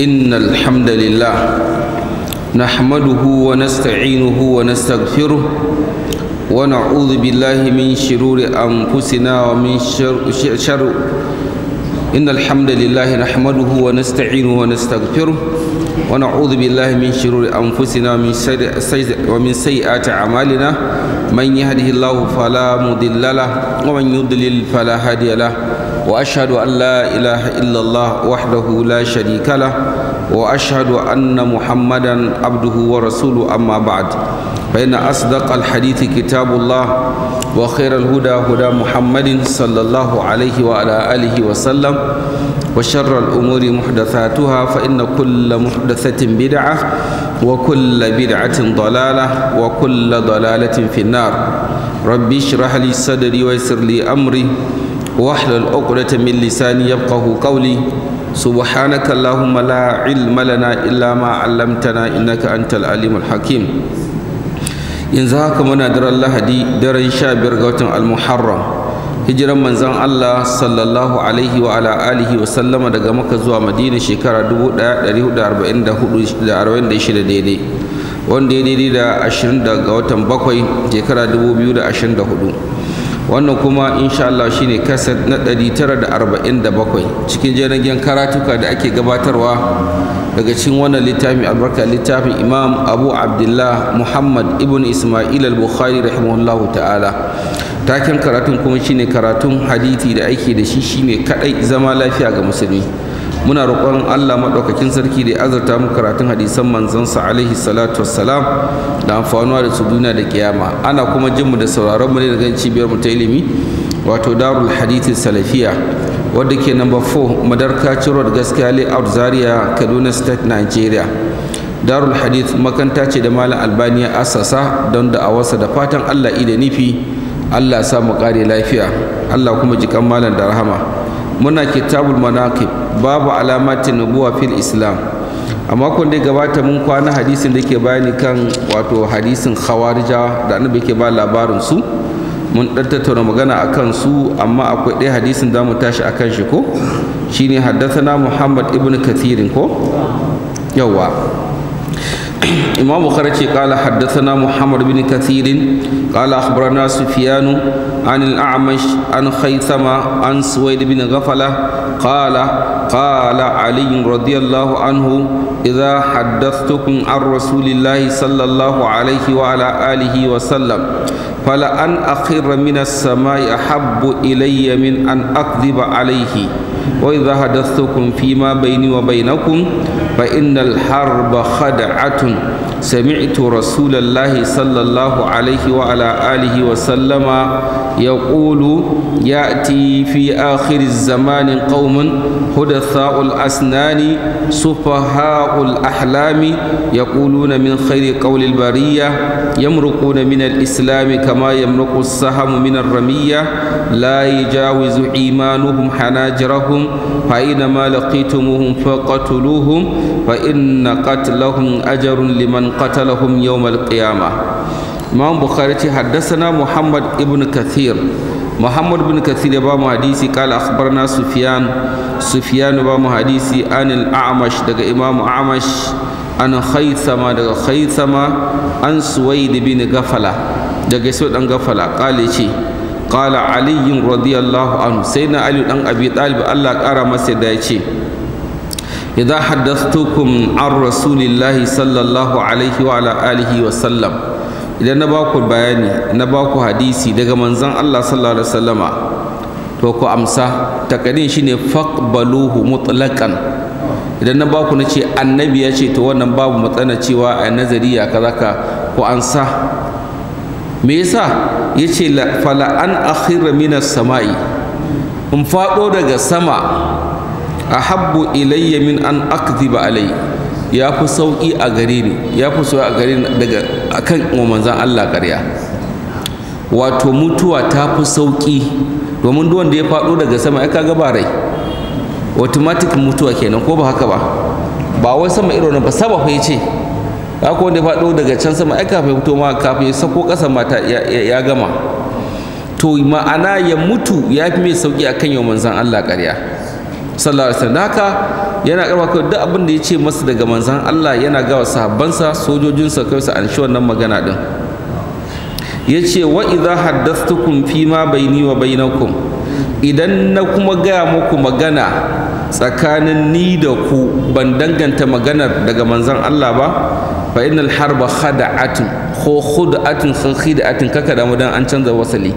إن الحمد لله نحمده ونستعينه ونستغفره ونعوذ بالله من شرور أنفسنا ومن شر, شر إن الحمد لله نحمده ونستعينه ونستغفره ونعوذ بالله من شرور أنفسنا ومن, ومن سيئات أعمالنا من يهده الله فلا مضل له ومن يضلل فلا هادي له واشهد ان لا اله الا الله وحده لا شريك له واشهد ان محمدا عبده ورسوله اما بعد فان اصدق الحديث كتاب الله وخير الهدى هدى محمد صلى الله عليه وعلى اله وسلم وشر الامور محدثاتها فان كل محدثه بدعه وكل بدعه ضلاله وكل ضلاله في النار رب اشرح لي صدري ويسر لي امري واحلل عقدة من لساني يفقه قولي سبحانك اللهم لا علم لنا إلا ما علمتنا إنك أنت العليم الحكيم yanzu haka muna daren lahadi daren sha biyar ga watan almuharram hijiran manzon allah sallallahu alaihi wa ala alihi wa sallama daga maka zuwa madina shekara 1446 daidai wanda ya daidai da 20 ga watan bakwai shekara 2024 wannan kuma insha Allah shine kasar na 947 cikin jiragen karatuka da ake gabatarwa daga cikin wannan littafin albarka littafin imam abu abdullah muhammad ibn ismail al-bukhari rahimahullah ta'ala taken karatun kuma shine karatun hadithi da ake da shi shine kadai zama lafiya ga musulmi muna roƙon Allah maɗaukakin sarki da ya azurta mu karatun hadisan manzansa alaihi salatu wassalam da amfanuwa da su duniya da kiyama ana kuma jin mu da sauraron mu ne daga cibiyar mu ta ilimi wato darul hadith salafiya wadda ke number 4 madarka ciro da gaskiya layout zaria kaduna state nigeria darul hadith makanta ce da malam albaniya asasa don da awarsa da fatan allah ida nufi allah sa mu kare lafiya allah kuma jikan malam da rahama muna kitabul manaqib babu alamatin nubuwa fil islam a makon da gabata mun kwana hadisin da ke bayani kan wato hadisin khawarija da annabi ke ba labarin su mun dan tattauna magana akan su amma akwai ɗaya hadisin da mu tashi akan shi ko shine haddathana muhammad ibn kathirin ko yawa imam bukhari ce qala haddathana muhammad ibn kathirin qala akhbarana sufyanu عن الأعمش عن خيثمة عن سويد بن غفلة قال قال علي رضي الله عنه إذا حدثتكم عن رسول الله صلى الله عليه وعلى آله وسلم فلأن أخر من السماء أحب إلي من أن أكذب عليه وإذا حدثتكم فيما بيني وبينكم فإن الحرب خدعة سمعت رسول الله صلى الله عليه وعلى آله وسلم يقول يأتي في آخر الزمان قوم هدثاء الأسنان سفهاء الأحلام يقولون من خير قول البرية يمرقون من الإسلام كما يمرق السهم من الرمية لا يجاوز إيمانهم حناجرهم فإنما لقيتموهم فقتلوهم فإن قتلهم أجر لمن قتلهم يوم القيامة imam bukhari ce haddasana muhammad ibn kathir muhammad ibn kathir ya ba mu hadisi kala akhbarna sufyan sufyan ba mu hadisi anil a'mash daga imam a'mash an khaythama daga khaythama an suwaid bin gafala daga su dan gafala kale ce kala aliyin radiyallahu anhu sai na ali dan abi talib Allah kara masa da yace. ce idza haddathtukum an rasulillahi sallallahu alaihi wa sallam idan na baku bayani na baku hadisi daga manzan Allah sallallahu alaihi wasallama to ku amsa takadin shine faqbaluhu mutlaqan idan na baku nace annabi ya ce to wannan babu matsana cewa a nazariya kaza ka ku ansa me yasa yace fala an akhira minas sama'i in fado daga sama ahabbu ilayya min an akdhiba alai ya fi sauki a gare ni ya fi sauki a gare ni daga akan wa manzan Allah ƙarya wato mutuwa ta fi sauƙi domin duk wanda ya faɗo daga sama ya kaga ba rai automatic mutuwa kenan ko ba haka ba ba wai sama irin ba saba fa yace haka wanda ya faɗo daga can sama ai kafin fito ma kafin sako ƙasa mata ya gama to ma'ana ya mutu ya fi mai sauƙi akan yau manzan Allah ƙarya sallallahu alaihi wasallam haka yana karba kai duk abin da ya ce masa daga manzan Allah yana gawa sahabbansa sojojinsa kai su an shi wannan magana din ya ce wa idza haddathtukum fi ma baini wa bainakum idan na kuma gaya muku magana tsakanin ni da ku ban danganta maganar daga manzan Allah ba fa innal harba khada'atun ko khud'atun khid'atun kaka da mu dan an canza wasali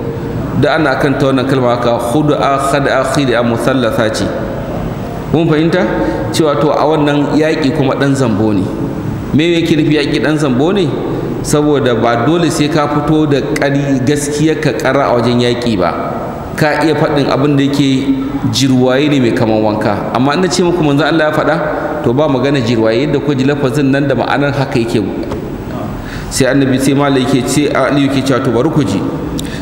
da ana kan ta wannan kalma haka khud'a khada'a khid'a musallatha ce mun fahimta cewa to a wannan yaƙi kuma ɗan zambo ne me yake nufi yaƙi ɗan zambo ne saboda ba dole sai ka fito da ƙari gaskiyar ka ƙara a wajen yaƙi ba ka iya faɗin abin da yake jirwaye ne mai kaman wanka amma ina ce muku manzo Allah ya faɗa to ba magana jirwaye yadda ku ji lafazin nan da ma'anar haka yake sai annabi sai malai yake ce Ali yake cewa to bari ku ji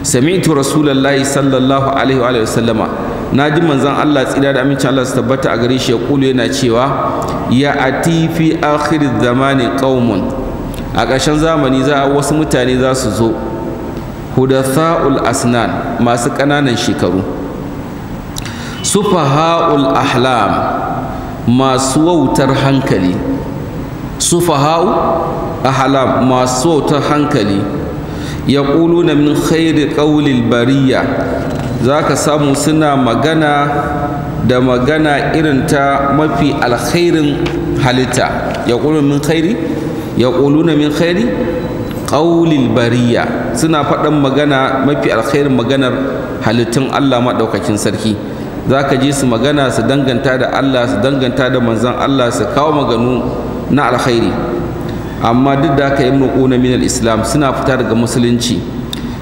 sami'tu rasulullahi sallallahu alaihi wa sallama na ji manzon Allah tsira da amincin Allah su tabbata a gare shi ya kulu yana cewa ya ati fi akhir zamani qaumun a ƙarshen zamani za wasu mutane za su zo hudatha'ul asnan masu ƙananan shekaru sufaha'ul ahlam masu wautar hankali sufaha'u ahlam masu wautar hankali min khairi qawlil bariyya za ka samu suna magana da magana irin ta mafi alkhairin halitta ya min khairi ya min khairi ƙaulil bariya suna faɗan magana mafi alkhairin maganar halittun Allah maɗaukakin sarki za ka ji su magana su danganta da Allah su danganta da manzan Allah su kawo maganu na alkhairi amma duk da aka yi mulkuna minal islam suna fita daga musulunci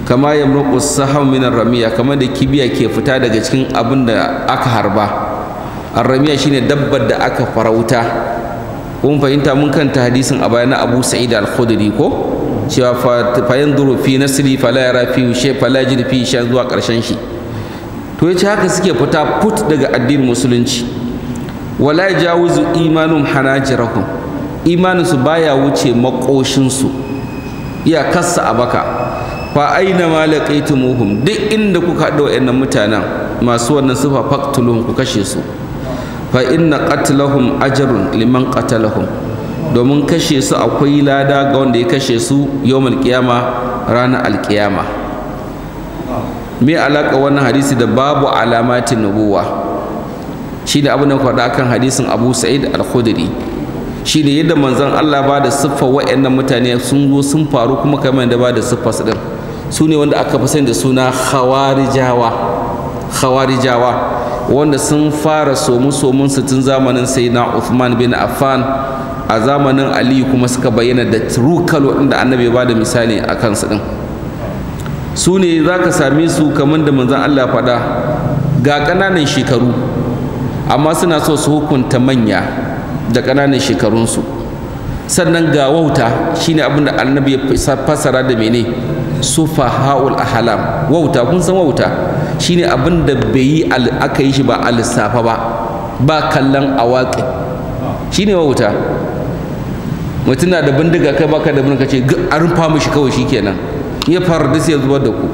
kama yamruqu saham min ramiya kamar da kibiya ke fita daga cikin abin da aka harba ar-ramiya shine dabbar da aka farauta kun fahimta mun kanta hadisin a bayan Abu Sa'id al-Khudri ko cewa fa yanzuru fi nasli fala yara fi shay fala yajid fi shay zuwa karshen shi to yace haka suke fita put daga addinin musulunci wala jawuzu imanum imanin su baya wuce iya kasa a baka fa aina ma laqaitumuhum duk inda kuka haɗa wayannan mutanen masu wannan sufa faqtuluhum ku kashe su fa inna qatlahum ajrun liman qatalahum domin kashe su akwai lada ga wanda ya kashe su yawmal qiyama ranar alqiyama me alaka wannan hadisi da babu alamatin nubuwa shine abu da faɗa kan hadisin Abu Sa'id al-Khudri shine yadda manzon Allah ba da siffa wa'annan mutane sun zo sun faru kuma kamar da ba da siffa su din su ne wanda aka fi sani da suna khawarijawa khawarijawa wanda sun fara somu somun su tun zamanin na Uthman bin Affan a zamanin Aliyu kuma suka bayyana da turukal wanda annabi ba da misali a kansu din. su ne za ka same su kamar da manzan Allah faɗa ga ƙananan shekaru amma suna so su hukunta manya da ƙananan shekarunsu sannan ga wauta shine abin da annabi ya fassara da mene ha'ul ahalam wauta kun san wauta shine abin da bai yi aka yi shi ba a ba ba kallon awaƙi shine wauta mutum na da bindiga kai baka da bindiga ce a rufa mishi kawai shi kenan ya fara da sai zubar da ku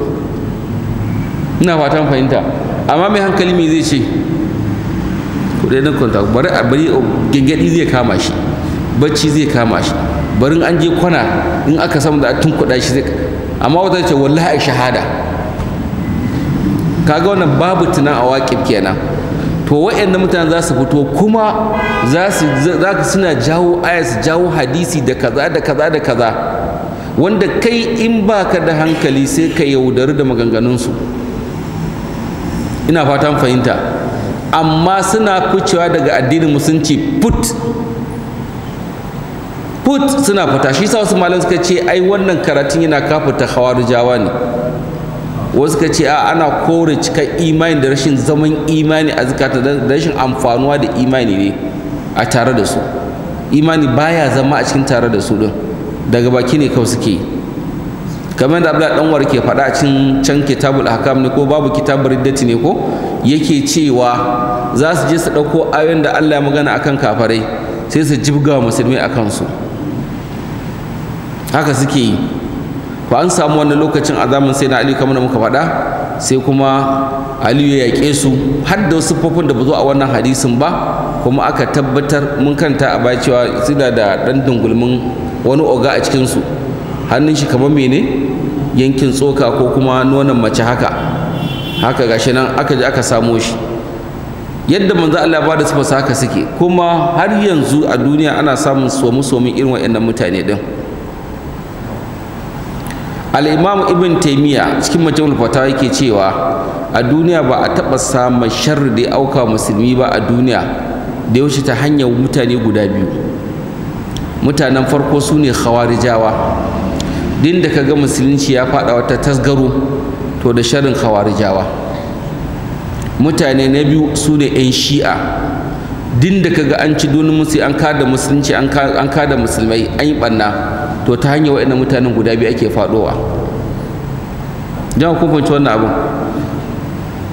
ina fatan fahimta amma mai hankali me zai ce kudai na kwanta bari a bari oh, gengedi zai kama shi bacci zai kama shi barin an je kwana in aka samu da tun kuɗa shi zai amma wata ce wallahi a shahada kaga wannan babu tunan a waƙif kenan to waɗanda mutane za su fito kuma za su suna jawo aya su jawo hadisi da kaza da kaza da kaza wanda kai in baka da hankali sai ka yaudari da maganganunsu ina fatan fahimta amma suna ficewa daga addinin musulunci put put suna fita shi sa wasu malam suka ce ai wannan karatun yana hawaru jawa ne wasu suka ce a ana kore cikin imani da rashin zaman imani a zukata da rashin amfanuwa da imani ne a tare da su imani baya zama a cikin tare da su din daga baki ne kawai suke yi kamar da Abdullahi Danwar ke faɗa a cikin can kitabul hakam ne ko babu kitabul riddati ne ko yake cewa za su je su ɗauko ayoyin da Allah ya magana akan kafarai sai su jibga musulmi akan su haka suke yi ba an samu wannan lokacin a zamanin sai na ali kamar da muka faɗa sai kuma aliyu ya yaƙe su har da wasu siffofin da ba zo a wannan hadisin ba kuma aka tabbatar mun kanta a baya cewa suna da ɗan dungulmin wani oga a cikinsu hannun shi kamar mene yankin tsoka ko kuma nonon mace haka haka gashi nan aka ji aka samo shi yadda manzo Allah ba da su haka suke kuma har yanzu a duniya ana samun somi-somin irin wa'annan mutane din al'imamu ibn taimiyya cikin majalisar fatawa yake cewa a duniya ba a taɓa samun sharri da ya auka musulmi ba a duniya da yaushe ta hanyar mutane guda biyu mutanen farko su ne khawarijawa din da ka ga musulunci ya faɗa wata tasgaro to da sharin khawarijawa mutane na biyu su ne 'yan shi'a din da ka ga an ci dunin musu an kada musulunci an kada musulmai an yi ɓanna to ta hanyar wa'annan mutanen guda biyu ake faɗowa jama'a kun fahimci wannan abin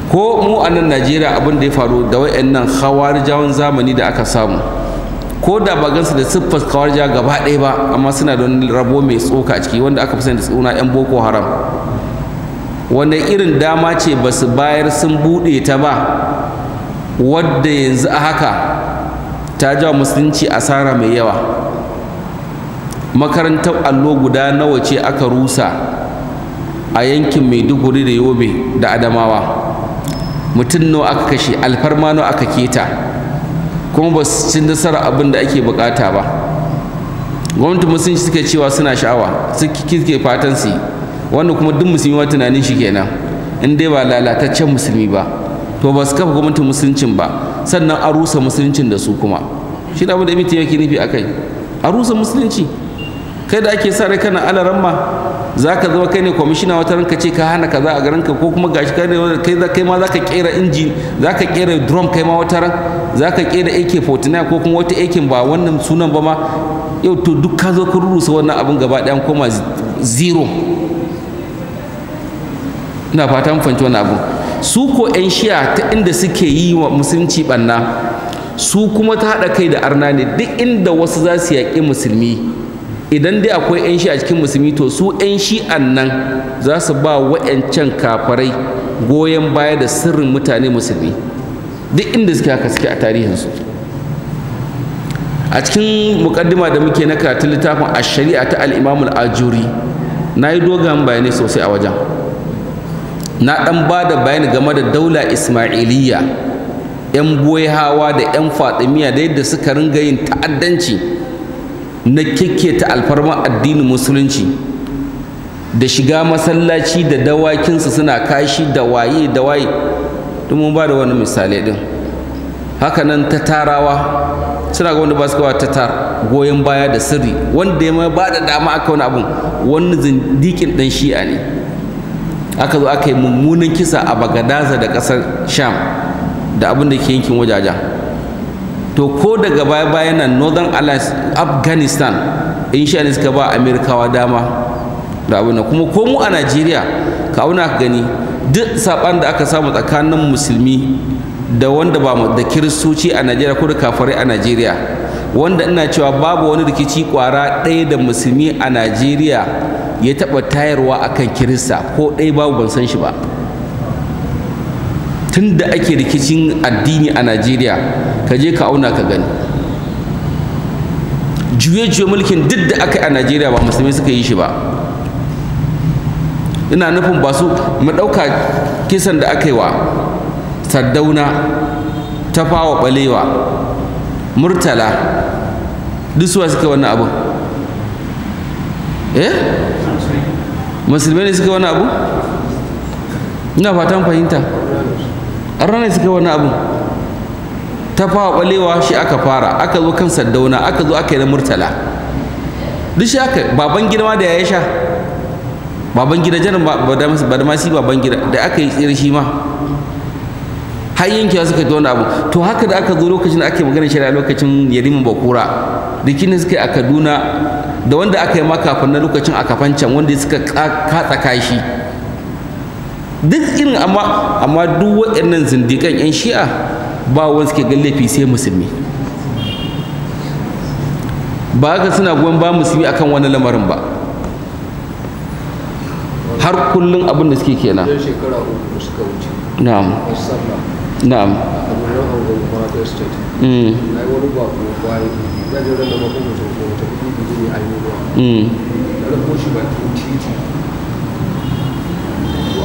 ko mu a nan najeriya abin da ya faru da wa'annan hawarijawan zamani da aka samu ko da ba gansu da siffar kawarja gaba ɗaya ba amma suna da wani rabo mai tsoka a ciki wanda aka fi sani da tsuna yan boko haram wanda irin dama ce ba su bayar sun buɗe ta ba wadda yanzu a haka ta jawa musulunci asara mai yawa makarantar allo guda nawa ce aka rusa a yankin maiduguri da yobe da adamawa mutum nawa aka kashe alfarma nawa aka keta kuma ba su ci nasarar abin da ake bukata ba gwamnati musulunci suka cewa suna sha'awa suke fatan su wanda kuma duk musulmi ma tunanin shi kenan in dai ba lalataccen musulmi ba to ba su kafa gwamnati musuluncin ba sannan a rusa musuluncin da su kuma shi da abin da ibn taymiya ke nufi akai a rusa musulunci kai da ake sa rai kana ramma za ka zama kai ne kwamishina wata ranka ce ka hana kaza a garinka ko kuma gashi kai ne kai ma za ka kera inji za ka kera drum kai ma wata ran za ka kera ak-49 ko kuma wata ak ba wannan sunan ba ma yau to duk ka zo ka rurusa wannan abin gaba ɗaya koma zero ina fata mun fahimci wannan abin su ko 'yan shiya ta inda suke yi wa musulunci ɓanna su kuma ta haɗa kai da arna ne duk inda wasu za su yaƙi musulmi idan dai akwai 'yan shi a cikin musulmi to su 'yan shi'an nan za su ba wa'yancan kafarai goyon baya da sirrin mutane musulmi duk inda suke haka suke a tarihinsu a cikin mukaddima da muke na karatun littafin a shari'a ta al'imamul ajuri na yi dogon bayanai sosai a wajen na ɗan ba da bayani game da daula ismailiyya 'yan boye hawa da 'yan fatimiyya da yadda suka ringa yin ta'addanci na ta alfarma addinin musulunci da shiga masallaci da dawakinsu suna kashi da waye da waye don ba da wani misali din hakanan nan ta tarawa suna ga wanda ba su ta tar goyon baya da sirri wanda ya ba da dama aka wani abun wani zindikin dan shi'a ne aka zo aka yi mummunan kisa a bagadaza da kasar sham da abin da ke yankin wajajen to ko daga baya bayan nan northern alliance afghanistan sha ne suka ba amerikawa dama da abin kuma ko mu a najeriya ka auna ka gani duk saban da aka samu tsakanin musulmi da wanda ba da kiristoci a najeriya ko da kafare a najeriya wanda ina cewa babu wani rikici kwara ɗaya da musulmi a najeriya ya taɓa tayarwa akan kirista ko ɗaya babu ban san shi ba tun da ake rikicin addini a najeriya ka je ka auna ka gani juye-juye mulkin duk da aka yi a najeriya ba musulmi suka yi shi ba ina nufin ba su mu ɗauka kisan da aka yi wa Saddauna, ta fawa ɓalewa murtala duk suwa suka wannan abu eh musulmi ne suka wani abu ina fatan fahimta an rana suka wani abin ta fawa balewa shi aka fara aka zo kan sardauna aka zo aka yi na murtala duk shi aka baban gida ma da ya sha baban gida janin ba da masu baban gida da aka yi tsira shi ma har yankewa suka yi wani abu to haka da aka zo lokacin da ake magana shari'a lokacin yarimin bakura da suka yi a kaduna da wanda aka yi ma kafin na lokacin a kafancan wanda suka katsa kashi duk irin amma amma duk waɗannan zindikan 'yan shi'a ba wani suke ga laifi sai musulmi ba haka suna goyon ba musulmi akan wani lamarin ba har kullum abin da suke kenan na'am na'am Mm.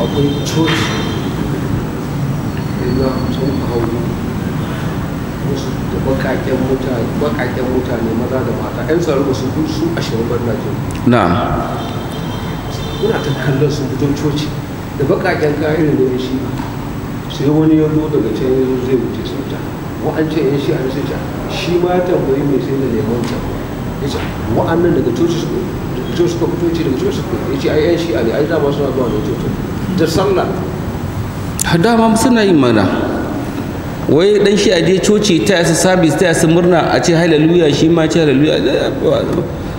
akwai coci illa sun hauru wasu da bakaken mutane bakaken mutane maza da mata yan tsaro su kun su ashirin ban najeriya na'am muna ta kallon fito coci da shi sai wani ya zo daga can ya zai wuce sauta wa'ancan yan shi an sai ta shi ma tambayi mai sai da lemon ta ya ce wa'annan daga coci su suka fito ce daga coci suka ya ce ai yan shi a ne ai suna zuwa coci da sallah dama suna yin mana wai dan shi aje coci ta yasa service ta yasa murna a ce hallelujah shi ma ce hallelujah eh,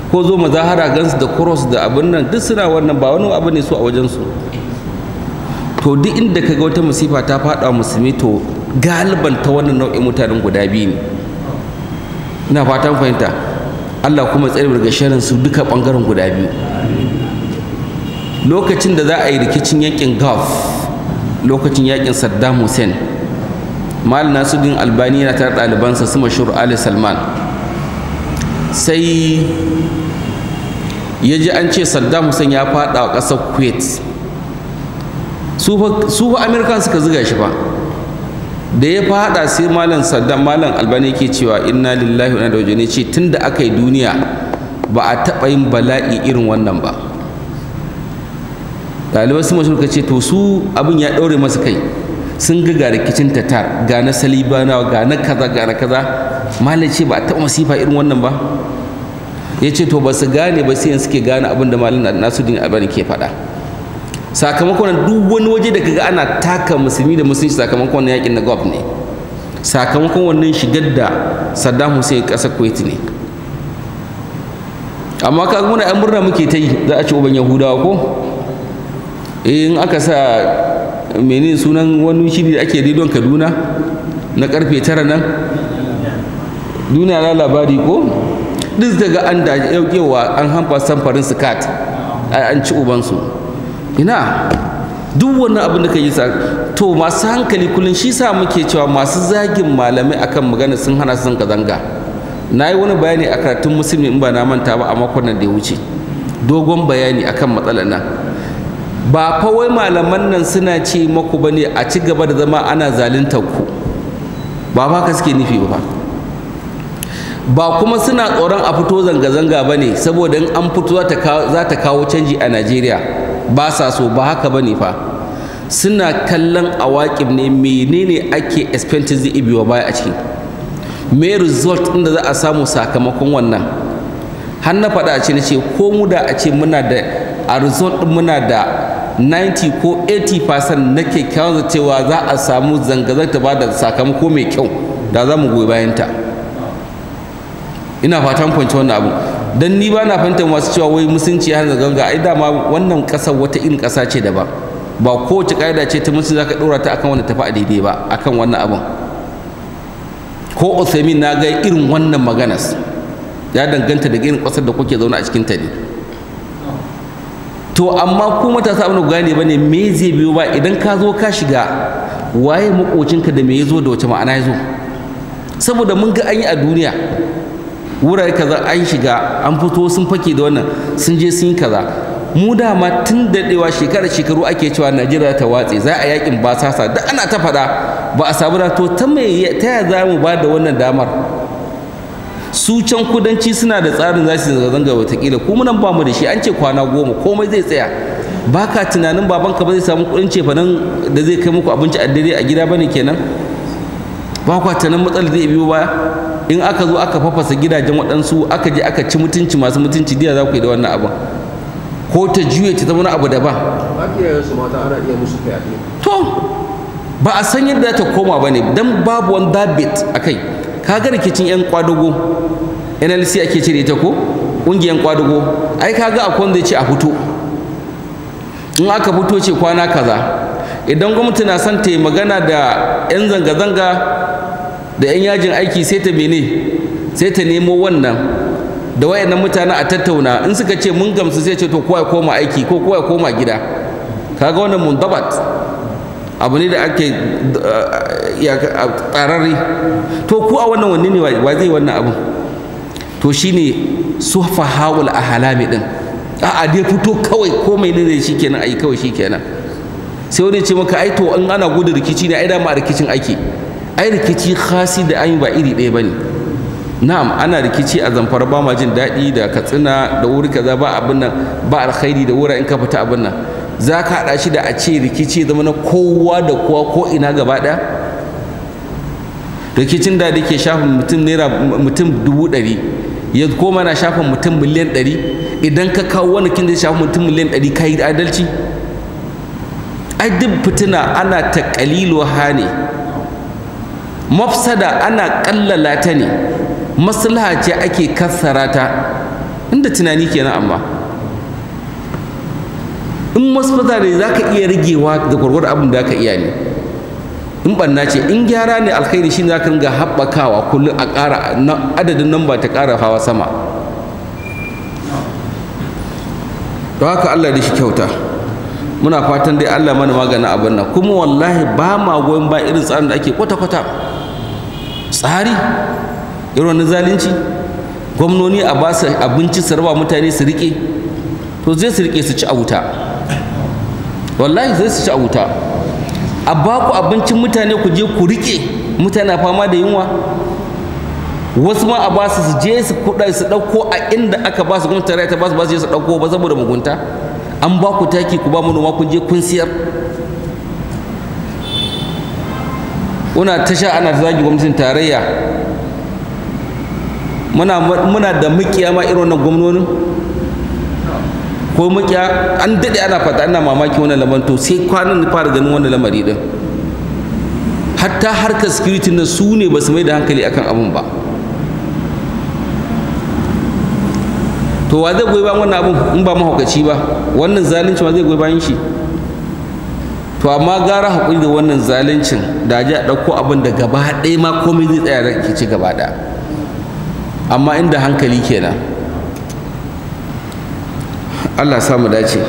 ko zo mazahara gansu da cross da abin nan duk suna wannan ba wani abu ne su a wajensu to duk inda ka ga wata masifa ta fada musulmi to galiban ta wannan nau'in mutanen guda biyu ne ina fatan fahimta Allah kuma tsare daga sharin su duka bangaren guda biyu lokacin da za a yi rikicin yakin gulf lokacin yakin saddam hussein mal nasudin albani na tare ɗalibansa su mashur ali salman sai ya ji an ce saddam hussein ya faɗa a ƙasar kuwait su fa amurkan suka ziga shi ba da ya faɗa sai malam saddam malam albani ke cewa inna lillahi wa inna ilaihi ce tunda aka yi duniya ba a taɓa yin bala'i irin wannan ba ɗalibai sun mashahur ce to su abin ya ɗaure masu kai sun ga ga rikicin tatar ga na salibanawa ga na kaza ga na kaza malam ce ba a taɓa masifa irin wannan ba ya ce to ba su gane ba sai yin suke gane abin da malam din albani ke faɗa sakamakon duk wani waje da kaga ana taka musulmi da musulunci sakamakon wannan yakin na gov ne sakamakon wannan shigar da saddam hussein ƙasar kuwait ne amma kaga muna yan murna muke ta yi za a ci uban yahudawa ko Eh, in aka sa mene sunan wani shiri ake didon kaduna na karfe tara nan duniya na labari ko duk daga an da yaukewa an hamfa samfarin a an ci ubansu ina duk wani abin da ka sa to masu hankali kullum shi sa muke cewa masu zagin malamai akan magana sun hana su zanga zanga na yi wani bayani a karatun musulmi in ba na manta ba a makon da ya wuce dogon bayani akan matsalar nan ba fa wai malaman nan suna ce maku bane a ci gaba da zama ana zaluntar ku ba fa ka suke nufi ba ba kuma suna tsoron a fito zanga-zanga ba ne saboda in an fito za ta kawo canji a najeriya ba sa so ba haka ba ne fa suna kallon awaƙib ne menene ake expecting zai ibiwa baya a ciki me result inda za a samu sakamakon wannan har na faɗa a ce ko mu da a ce muna da a result ɗin muna da 90 ko 80% na kyakkyawar cewa za a samu zanga-zangar ta ba da sakamako mai kyau da za mu goyi bayanta ina fatan kwanci wannan abu don ni ba na fahimtar masu cewa wai musulunci ya hana zanga ai dama wannan ƙasar wata irin ƙasa ce daban ba kowace ƙa'ida ce ta musulunci za ka ɗora ta akan wanda tafi a daidai ba akan wannan abin ko Uthaymin na ga irin wannan maganas ya danganta daga irin ƙasar da kuke zaune a cikin ta ne to amma ku matasa abin ba ne me zai biyo ba idan ka zo ka shiga waye makocinka da me ya zo da wace ma'ana ya zo saboda mun ga an yi a duniya wurare kaza an shiga an fito sun fake da wannan sun je sun yi kaza mu dama tun daɗewa shekara shekaru ake cewa najeriya ta watse za a yakin basasa da ana ta faɗa ba a samu to ta ta ya za mu ba da wannan damar su can kudanci suna da tsarin za su zanga watakila ko munan ba mu da shi an ce kwana goma komai zai tsaya ba ka tunanin babanka ba zai samu kuɗin cefanen da zai kai muku abinci a dare a gida bane kenan ba kwa tunanin matsalar zai biyo baya in aka zo aka fafasa gidajen waɗansu aka je aka ci mutunci masu mutunci diya za ku yi da wannan abin ko ta juye ta zama abu daban ba a san yadda ta koma ba ne don babu wani dabit a kai kaga rikicin yan kwadugo NLC ake cire ta ko ƙungiyar kwadugo ai kaga akwai wanda ya ce a fito in aka fito ce kwana kaza idan gwamnati na son ta yi magana da 'yan zanga-zanga da 'yan yajin aiki sai ta mene sai ta nemo wannan da wayannan mutane a tattauna in suka ce mun gamsu sai ce to kowa ya koma aiki ko kowa ya koma gida kaga wannan mundabat abu ne da ake eh, tsararri to ku a wannan wanne ne wa zai wannan abu to shi su sufa hawul a halami din a'a dai fito kawai ko mai ne shi kenan ai kawai shi kenan sai wani ce maka aito to in ana gudu rikici ne ai dama a rikicin ake ai rikici khasi da an ba iri ɗaya ne na'am ana rikici a zamfara ba ma jin daɗi da katsina da wuri kaza ba abin nan ba alkhairi da wura in ka fita abin nan za ka haɗa shi da a ce rikici zama na kowa da kowa ko ina gaba ɗaya rikicin da ke shafin mutum naira mutum dubu ɗari ya koma na shafin mutum miliyan ɗari idan ka kawo wani kin da shafin mutum miliyan ɗari ka yi adalci ai duk fitina ana ta ƙaliluwa ne mafsada ana ƙallala ta ne maslaha ce ake kassara ta inda tunani kenan amma in masfata ne za ka iya ragewa da gwargwar abin da ka iya ne in banna ce in gyara ne alkhairi shi za ka ringa haɓakawa kullum a ƙara adadin nan ba ta ƙara hawa sama to haka Allah da shi kyauta muna fatan dai Allah mana magana abin nan kuma wallahi ba ma goyon ba irin tsarin da ake kwata-kwata tsari irin na zalunci gwamnoni a ba su abinci su raba mutane su riƙe to zai su riƙe su ci a wuta wallahi zai su ci a wuta a ba ku abincin mutane ku je ku riƙe mutane fama da yunwa wasu ma a ba su su je su kuɗa su ɗauko a inda aka ba su gwamnatin tarayya ta ba su ba su je su ɗauko ba saboda mugunta an ba ku taki ku ba mu noma kun je kun siyar kuna tasha ana zagi gwamnatin tarayya muna da mukiya ma irin wannan gwamnonin ko muke an daɗe ana fata ana mamaki wannan lamarin to sai kwanan fara ganin wannan lamari din hatta harkar security na su ne ba su mai da hankali akan abun ba to wa zai goyi bayan wannan abun in ba mahaukaci ba wannan zalunci ma zai goyi bayan shi to amma gara haƙuri da wannan zaluncin da ji a ɗauko abin da gaba ɗaya ma komai zai tsaya da ke ci gaba ɗaya amma inda hankali kenan Allah samu dace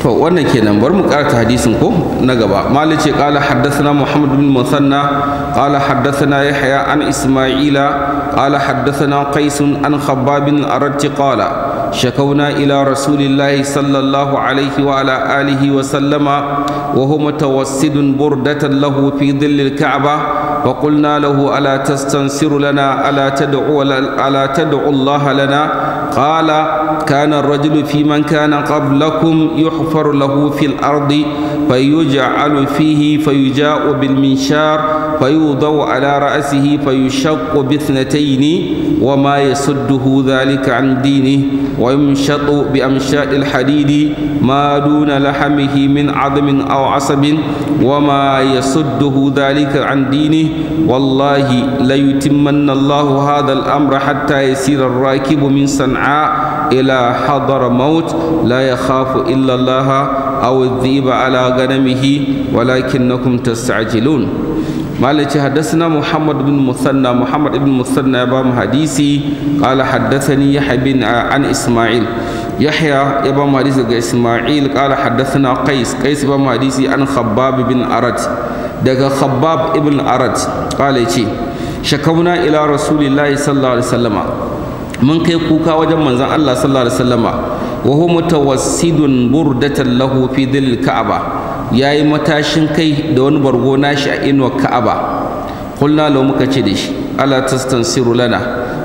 to wannan kenan bar mu karanta hadisin ko na gaba malik ce qala haddathana muhammad bin musanna qala haddathana yahya an isma'ila qala haddathana qais an khabbab arat qala shakawna ila rasulillah sallallahu alayhi wa ala alihi wa sallama wa huwa mutawassidun burdatan lahu fi dhilli al-ka'bah فقلنا له ألا تستنصر لنا ألا تدعو ألا تدعو الله لنا قال كان الرجل في من كان قبلكم يحفر له في الأرض فيجعل فيه فيجاء بالمنشار فيوضع على رأسه فيشق باثنتين وما يصده ذلك عن دينه ويمشط بأمشاء الحديد ما دون لحمه من عظم أو عصب وما يصده ذلك عن دينه والله ليتمن الله هذا الأمر حتى يسير الراكب من صنعاء إلى حضر موت لا يخاف إلا الله أو الذئب على غنمه ولكنكم تستعجلون مالك حدثنا محمد بن مثنى محمد بن مثنى بام حديثي قال حدثني يحيى بن عن اسماعيل يحيى يبام حديث اسماعيل قال حدثنا قيس قيس بام حديثي عن خباب بن ارت دغ خباب ابن ارت قال يجي شكونا الى رسول الله صلى الله عليه وسلم من كي كوكا وجن منزل الله صلى الله عليه وسلم وهو متوسد بردة له في ظل الكعبه ya yi matashin kai da wani bargo nashi a inuwar ka'aba kulna lau muka ce da shi ala tastansiru lana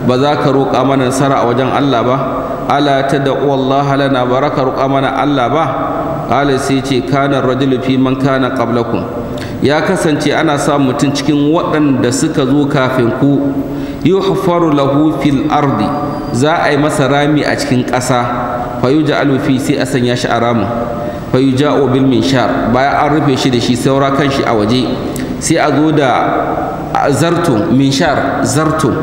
ba za ka roƙa mana nasara a wajen Allah ba ala ta da Allah lana ba ka roƙa mana Allah ba ala sai ce kana rajulu fi man kana qablakum ya kasance ana sa mutum cikin waɗanda suka zo kafin ku yuhfaru lahu fil ardi za a yi masa rami a cikin ƙasa fa alufi alufi sai a sanya shi a ramin fa yuja'u bil minshar bayan an rufe shi da shi saura kan shi a waje sai a zo da zartun minshar zartun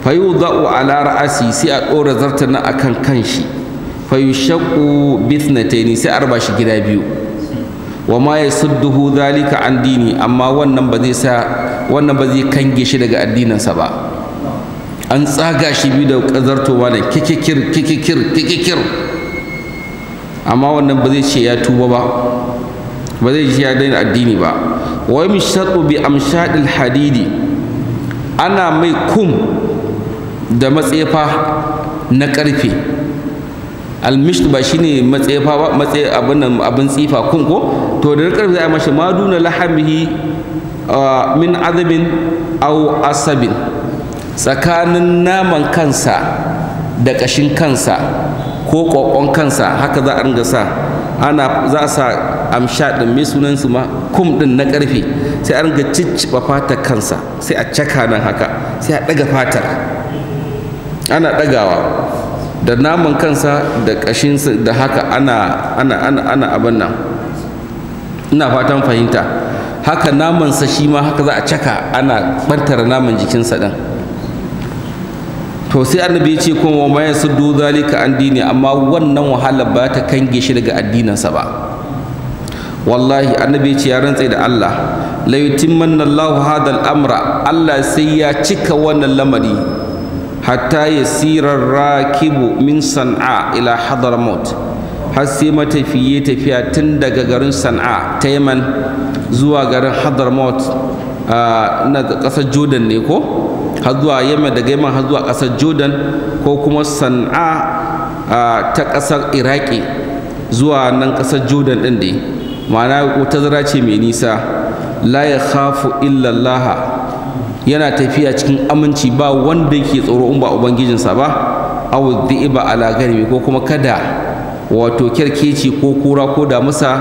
fa yudau ala ra'asi sai a dora zartun nan akan kan shi fayu yushaqqu bithnatayn sai a raba shi gida biyu wa ma yasudduhu zalika an dini amma wannan ba zai sa wannan ba zai kange shi daga addininsa ba an tsaga shi biyu da zartowa da kikikir kikikir kikikir amma wannan ba zai ce ya tuba ba ba zai ce ya daina addini ba wai shaɗu bi amshaɗil hadidi ana mai kum da matsefa na ƙarfe almishtu ba shine matsefa ba matse abin abin tsifa kun to da ƙarfe za a mashi maduna lahamihi min azabin au asabin tsakanin naman kansa da kashin kansa ko ƙoƙon kansa haka za a ringa sa ana za a sa amsha ɗin mai sunan su ma kum ɗin na ƙarfe sai a ringa cicciɓa fatar kansa sai a caka nan haka sai a ɗaga fatar ana ɗagawa da naman kansa da ƙashinsa da haka ana ana ana ana abin nan ina fatan fahimta haka namansa shi ma haka za a caka ana ɓantar naman jikinsa ɗin to sai annabi ya ce kuma wa ma yasuddu zalika an dini amma wannan wahala ba ta kange shi daga addininsa ba wallahi annabi ya ce ya rantsa da Allah la yutimmanna Allahu hadal amra Allah sai ya cika wannan lamari hatta yasira rakibu min san'a ila hadramaut har sai matafiye tafiya tun daga garin san'a ta yaman zuwa garin a na ƙasar jordan ne ko har zuwa yemen da gaiman har zuwa ƙasar jordan ko kuma sana'a ta kasar iraki zuwa nan ƙasar jordan ɗin dai ma'ana zara ce mai nisa la ya khafu illallaha yana tafiya cikin aminci ba wanda yake tsoro in ba ubangijinsa ba aw iba ala garbi ko kuma kada wato kyarkeci ko kura ko damisa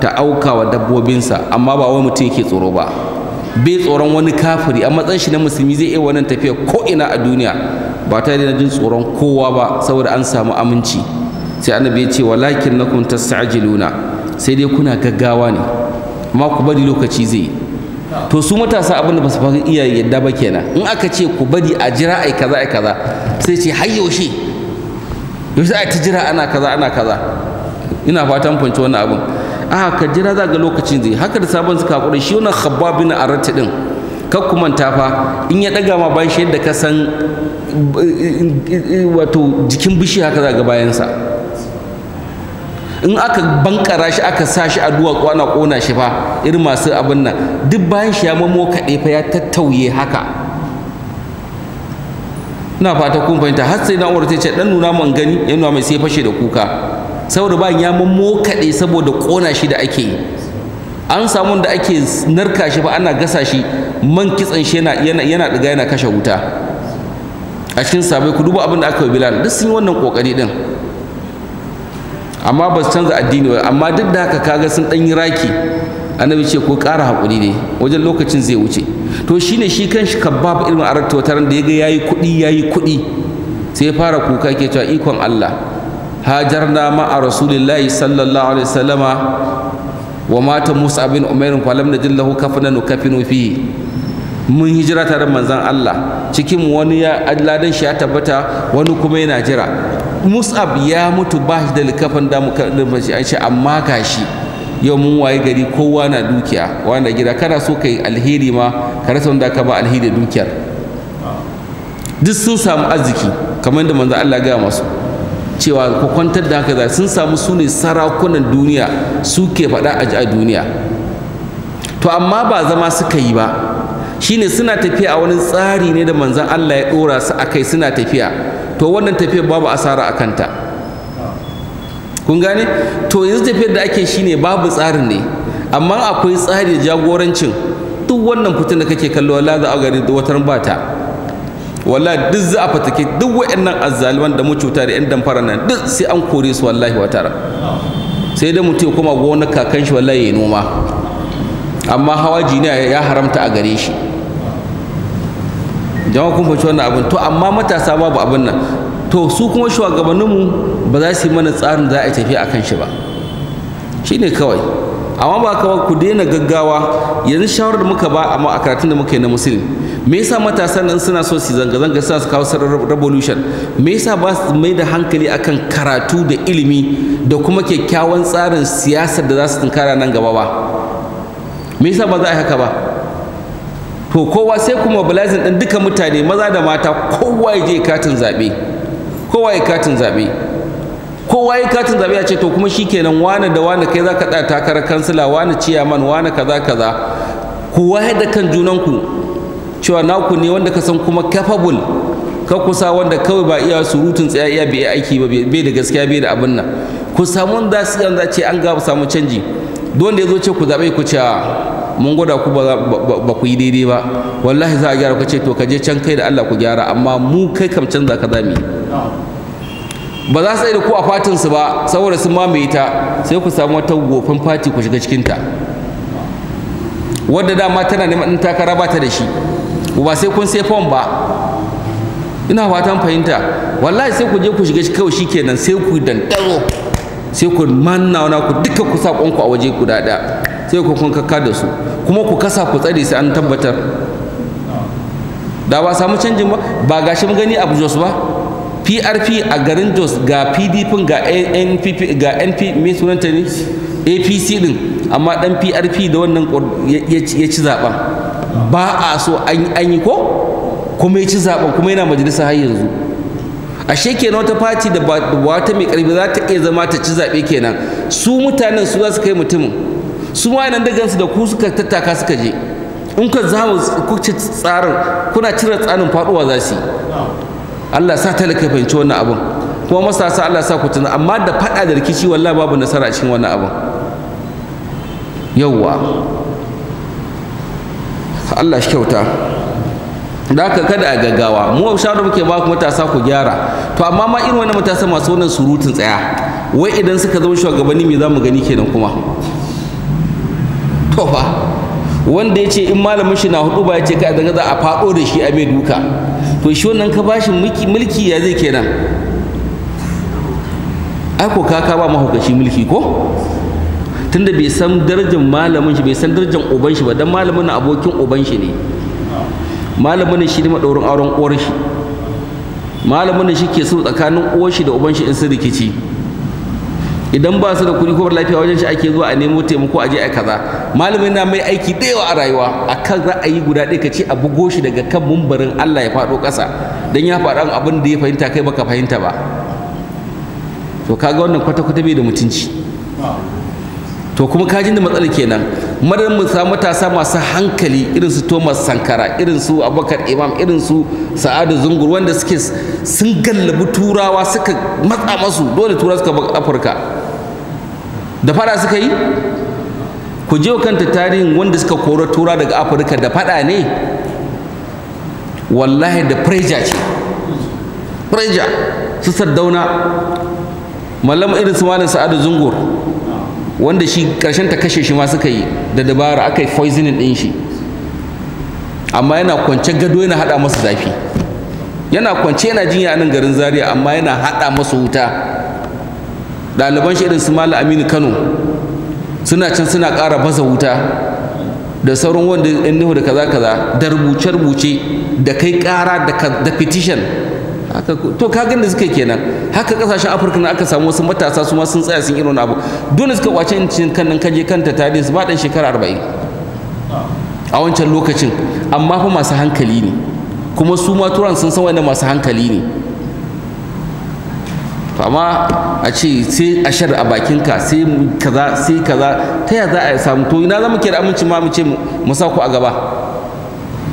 ta auka wa dabbobinsa amma ba wai mutum yake tsoro ba bai tsoron wani kafiri a matsayin shi na musulmi zai iya wannan tafiya ko ina a duniya ba ta da jin tsoron kowa ba saboda an samu aminci sai annabi ya ce walakin nakum tasajiluna sai dai kuna gaggawa ne amma ku bari lokaci zai to su matasa abin da ba su fara iya yadda ba kenan in aka ce ku bari a jira ai kaza ai kaza sai ce har yaushe yaushe a jira ana kaza ana kaza ina fatan fanci wannan abin a'a ka jira za ga lokacin zai haka da sabon suka hakuri shi wannan khabbab bin arati din kar ku manta fa in ya daga ma bayan shi yadda ka san wato jikin bishi haka za ga bayansa in aka bankara shi aka sa shi a duwatsu ana kona shi fa irin masu abin nan duk bayan shi ya mamo kaɗe fa ya tattauye haka ina fata kun fahimta har sai na umar ce dan nuna man gani ya nuna mai sai fashe da kuka saboda bayan ya mammokaɗe saboda kona shi da ake yi an samu da ake narka shi fa ana gasa shi man kitsan shi yana yana ɗiga yana kashe wuta a cikin sabai ku duba abin da aka yi bilal duk sun yi wannan kokari din amma ba su canza addini ba amma duk da haka kaga sun dan yi raki annabi ce ko ƙara haƙuri ne wajen lokacin zai wuce to shine shi kanshi kabbab ilmin arabta wataran da ya ga yayi kuɗi yayi kuɗi sai ya fara kuka ke cewa ikon Allah Hajar ma a rasulillahi sallallahu alaihi wasallama wa mata musa bin umairin kwalam jin jillahu kafina nu kafinu fi mun hijira tare manzan Allah cikin wani ya ladan shi ya tabbata wani kuma yana jira mus'ab ya mutu ba shi da likafin da muka shi an ce amma gashi yau mun waye gari kowa na dukiya wanda gida kana so kai alheri ma ka rasa wanda ka ba alheri dukiyar duk sun samu arziki kamar da manzan Allah ga masu cewa ku kwantar da haka za sun samu su ne sarakunan duniya suke faɗa a duniya to amma ba zama suka yi ba shine suna tafiya a wani tsari ne da manzan Allah ya ɗora su a kai suna tafiya to wannan tafiyar babu asara a kanta kun gane to yanzu tafiyar da ake shine babu tsarin ne amma akwai tsari da jagorancin duk wannan fitin da kake kallo la za a gari da watar bata Wala duk za a fatake duk wa'annan azzaliman da mu cuta da 'yan damfara nan duk sai an kore su wallahi wa tara sai dai mutum kuma gona kakan shi wallahi ya noma amma hawaji ne ya haramta a gare shi jama'a kun fahimci wannan abin to amma matasa babu abin nan to su kuma shugabanninmu ba za su yi mana tsarin za a tafi a shi ba shine kawai amma ba kawai ku daina gaggawa yanzu shawarar da muka ba amma a karatun da muka yi na musulmi me yasa matasan nan suna so su zanga zanga suna su kawo revolution me yasa ba su mai da hankali akan karatu da ilimi da kuma kyakkyawan tsarin siyasar da za su tunkara nan gaba ba me yasa ba za a yi haka ba to kowa sai ku mobilizing din duka mutane maza da mata kowa ya je katin zaɓe kowa ya katin zaɓe kowa ya katin zaɓe a ce to kuma shi kenan wane da wane kai za ka ɗaya takarar kansila wane ciyaman wane kaza kaza ku wahai da kan junanku cewa naku ne wanda ka san kuma kafabul ka kusa wanda kawai ba iya surutun tsaya iya bai aiki ba bai da gaskiya bai da abin nan ku samu wanda su yanzu ce an ga samu canji don da ya zo ce ku zaɓe ku ce mun gwada ku ba ku yi daidai ba wallahi za a gyara ku ce to ka je can kai da Allah ku gyara amma mu kai kam canza ka za ba za su tsaye da ku a fatinsu ba saboda sun mamaye ta sai ku samu wata gofan fati ku shiga cikinta wadda dama tana neman ɗin takara ba ta da shi ba sai kun sai fom ba ina fatan fahimta wallahi sai ku je ku shiga kawai shi kenan sai ku dantaro sai ku manna wana ku duka ku sa ƙwanku a waje ku dada sai ku kun kakka da su kuma ku kasa ku tsare sai an tabbatar da ba samu canjin ba ba gashi mun gani abu jos ba PRP a garin Jos ga PDP ga NPP ga NP me sunanta ne APC din amma dan PRP da wannan ya ci zaben ba a so an yi ko kuma ya ci zaben kuma yana majalisa har yanzu ashe kenan wata fati da wata mai karfi za ta iya zama ta ci zabe kenan su mutanen su za su kai mutumin su ma nan dagansu da ku suka tattaka suka je in ka zama kuka tsarin kuna cire tsarin faduwa za su yi Allah sa talaka fahimci wannan abin kuma masasa Allah sa ku tuna amma da faɗa da rikici wallahi babu nasara cikin wannan abin yawwa Allah shi kyauta da haka kada a gaggawa mu shawarar muke ba ku matasa ku gyara to amma ma irin wannan matasa masu wannan surutun tsaya wai idan suka zama shugabanni me za mu gani kenan kuma to fa wanda ya ce in malamin shi na hudu ba ya ce kai a za a faɗo da shi a mai duka to shi wannan ka bashi mulki ya zai kenan ai ko ka ka ba mahaukaci mulki ko tunda bai san darajar malamin shi bai san darajar uban shi ba dan malamin na abokin uban shi ne malamin shi ne madaurin auren uwar shi malamin shi ke so tsakanin uwar shi da uban shi in sun rikici idan ba su da kuɗi ko lafiya wajen shi ake zuwa a nemo taimako a je a kaza malamin na mai aiki da yawa a rayuwa akan ra'ayi guda ɗaya ka ce a bugo shi daga kan mumbarin Allah ya faɗo kasa dan ya faɗa abin da ya fahimta kai baka fahimta ba to kaga wannan kwata kwata bai da mutunci to kuma kajin da matsalar kenan madan mu samu matasa masu hankali irin su Thomas Sankara irin su Abubakar Imam irin su Sa'adu Zungur wanda suke sun gallabi turawa suka matsa masu dole turawa suka bar Afirka da fada suka yi ku je kanta tarihin wanda suka kora tura daga afirka da fada ne wallahi da preja ce preja su sardauna mallam irin su malin sa'adu zungur wanda shi karshen ta kashe shi ma suka yi da dabara aka yi poisoning din shi amma yana kwance gado yana hada masa zafi yana kwance yana jinya a nan garin zaria amma yana hada masa wuta ɗaliban shi irin su mala aminu kano suna can suna ƙara baza wuta da sauran wanda yan nuhu da kaza kaza da rubuce rubuce da kai ƙara da petition To to kagan da suka kenan haka kasashen afirka na aka samu wasu matasa su ma sun tsaya sun irin abu dole suka kwace incin kan nan kaje kanta tarihi su ba ɗan shekara arba'in a wancan lokacin amma fa masu hankali ne kuma su ma turan sun san wanda masu hankali ne amma a ce sai a shar a bakinka sai kaza sai kaza ta ya za a samu to ina zamu kira amincin ma mu ce mu sa ku a gaba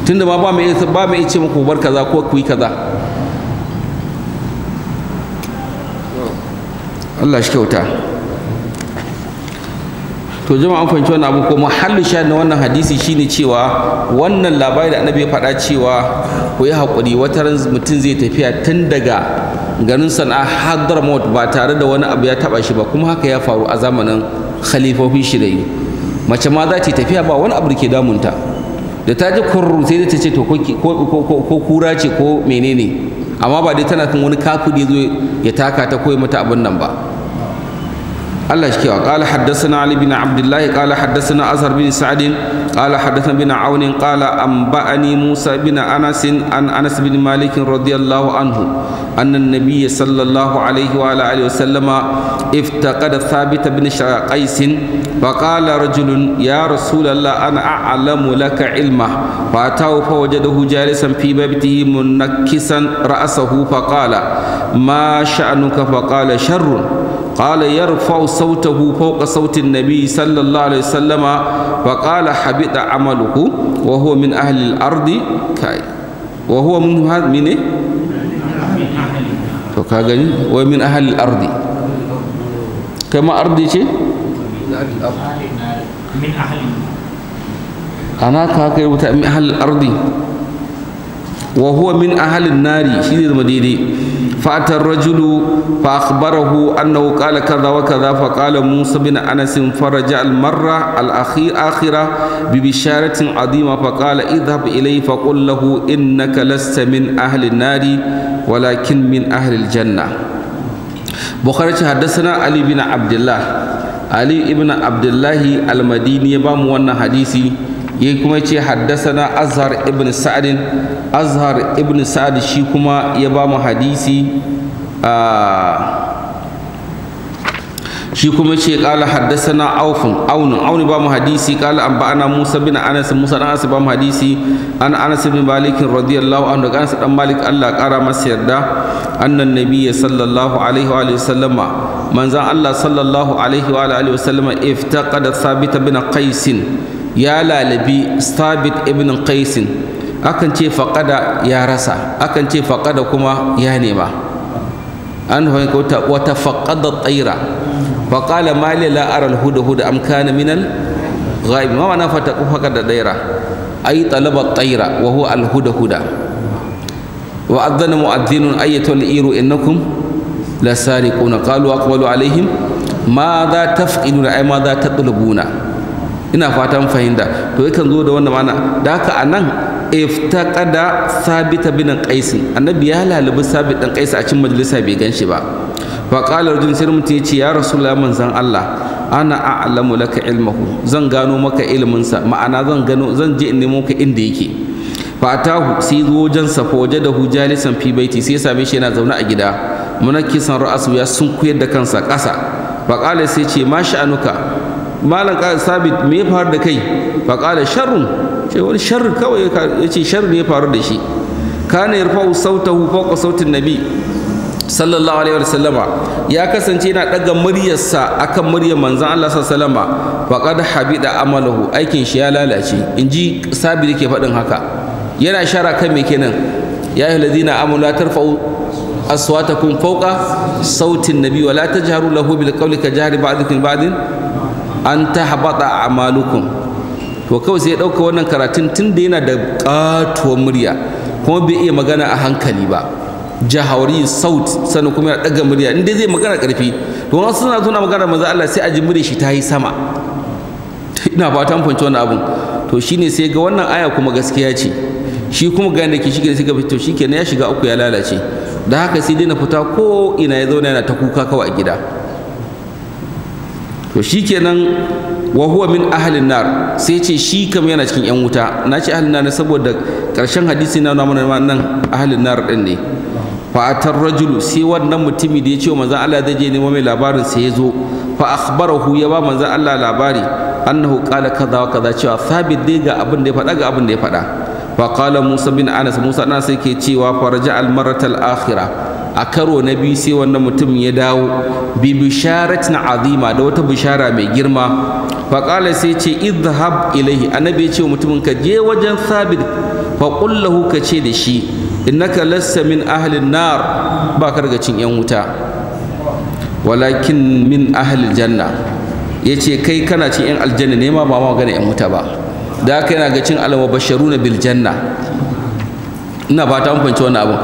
tunda ma ba mu ba mu ce muku bar kaza ko ku yi kaza Allah shi kyauta to jama'a an kwanci wannan abu ko muhallu shahid na wannan hadisi shine cewa wannan labari da annabi ya faɗa cewa ku yi haƙuri wata ran mutum zai tafiya tun daga garin sana'a hadramaut ba tare da wani abu ya taba shi ba kuma haka ya faru a zamanin khalifofin yi mace ma za ta tafiya ba wani abu da ke damunta da ta ji kurru sai ta ce to ko kura ce ko menene amma ba dai tana kan wani kafiri zo ya taka ta koyi mata abin nan ba Allah shi kewa haddasa na ali bin kala haddasa na azhar bin sadin. قال حدثنا بن عون قال أنبأني موسى بن أنس عن أنس بن مالك رضي الله عنه أن النبي صلى الله عليه وعلى آله وسلم افتقد ثابت بن قيس فقال رجل يا رسول الله أنا أعلم لك علمه فأتاه فوجده جالسا في بيته منكسا رأسه فقال ما شأنك فقال شر قال يرفع صوته فوق صوت النبي صلى الله عليه وسلم فقال حبط عمله وهو من أهل الأرض كاي وهو من هذا من إيه؟ وهو من أهل الأرض كما أرضي شيء من أهل أنا كاكي من أهل الأرض وهو من أهل النار شيء دي فأتى الرجل فأخبره أنه قال كذا وكذا فقال موسى بن أنس فرجع المرة الأخي آخرة ببشارة عظيمة فقال اذهب إليه فقل له إنك لست من أهل النار ولكن من أهل الجنة بخاري حدثنا علي بن عبد الله علي بن عبد الله المديني بام وانا حديثي yayi kuma yace haddasana azhar ibn sa'd azhar ibn sa'd shi kuma ya ba mu hadisi shi kuma ce kala haddasana aufin aunin auni ba mu hadisi kala an ba'ana musa bin anas musa dan anas ba mu hadisi an anas bin malik radiyallahu anhu daga anas dan malik Allah kara masa yarda annan nabiyya sallallahu alaihi wa alihi sallama manzan Allah sallallahu alaihi wa alihi sallama iftaqada thabit bin qais ya lalabi stabit ibn qaisin akan ce faƙada ya rasa akan ce faƙada kuma ya nema an fahimta wata faƙada tsaira faƙala mali la'arar huda huda am kana minal ghaib ma wana fata faƙada tsaira ai talaba tsaira wa huwa al huda huda wa adzana mu'adhdhinun ayyatul iru innakum lasariquna qalu aqbalu alaihim ma za tafqiduna ay ma za tatlubuna ina fatan fahimta to yakan zo da wannan mana da haka anan iftaqada sabita bin qais annabi ya lalubi sabit dan qais a cikin majalisa bai ganshi ba fa qala rajul sai mutum yace ya rasulullah zan Allah ana a'lamu laka ilmuhu zan gano maka ilmin sa ma'ana zan gano zan je in nemo ka inda yake fa atahu sai zo wajen sa fa hu jalisan fi baiti sai same shi yana zaune a gida munakkisan ra'asu ya sun koyar da kansa ƙasa fa qala sai ce ma sha'anuka malam ƙara sabit me ya faru da kai fa qala sharrun sai wani sharri kawai yace ce sharri ne ya faru da shi kana yarfa'u sautahu fawqa sautin nabi sallallahu alaihi wasallama ya kasance yana daga muryarsa akan muryar manzon Allah sallallahu alaihi wasallama faqad habida amaluhu aikin shi ya lalace inji sabit yake faɗin haka yana shara kan me kenan ya ayyuhal ladina amanu la tarfa'u aswatakum fawqa sautin nabi wa la tajharu lahu bil qawli ka jahri ba'dikum ba'din an ta habata a malukun to kawai sai ya ɗauka wannan karatun tun da yana da ƙatuwa murya kuma bai iya magana a hankali ba jahawari saut sannan kuma yana ɗaga murya inda zai magana ƙarfi to wasu suna suna magana maza Allah sai a ji murya shi ta yi sama ina fatan fahimci wannan abun to shine sai ga wannan aya kuma gaskiya ce shi kuma ga yadda ke shi sai ga fito shi kenan ya shiga uku ya lalace da haka sai dai na fita ko ina ya zauna yana ta kuka kawai a gida to shikenan wa huwa min ahlin nar sai ce shi kam yana cikin yan wuta na ce ahlin nar saboda karshen hadisi na nuna mana nan ahlin nar din ne fa atar rajulu sai wannan mutumi da ya ce manzon Allah zai je nemo mai labarin sai ya zo fa akhbarahu ya ba manzan Allah labari annahu qala kaza wa kaza cewa sabit dai ga abin da ya faɗa ga abin da ya faɗa fa qala Musa bin Anas Musa na sai ke cewa faraja al maratal akhirah a karo na biyu sai wannan mutum ya dawo bi bisharatin azima da wata bishara mai girma faƙala sai ce idhab ilaihi annabi ya ce wa mutumin ka je wajen sabit faƙullahu lahu ka ce da shi innaka lassa min ahalin nar ba ka daga cin yan wuta walakin min ahalin janna ya ce kai kana cin yan aljanna ne ma ba ma magana yan wuta ba da haka yana ga cin alama basharuna bil janna ina fata an fahimci wannan abin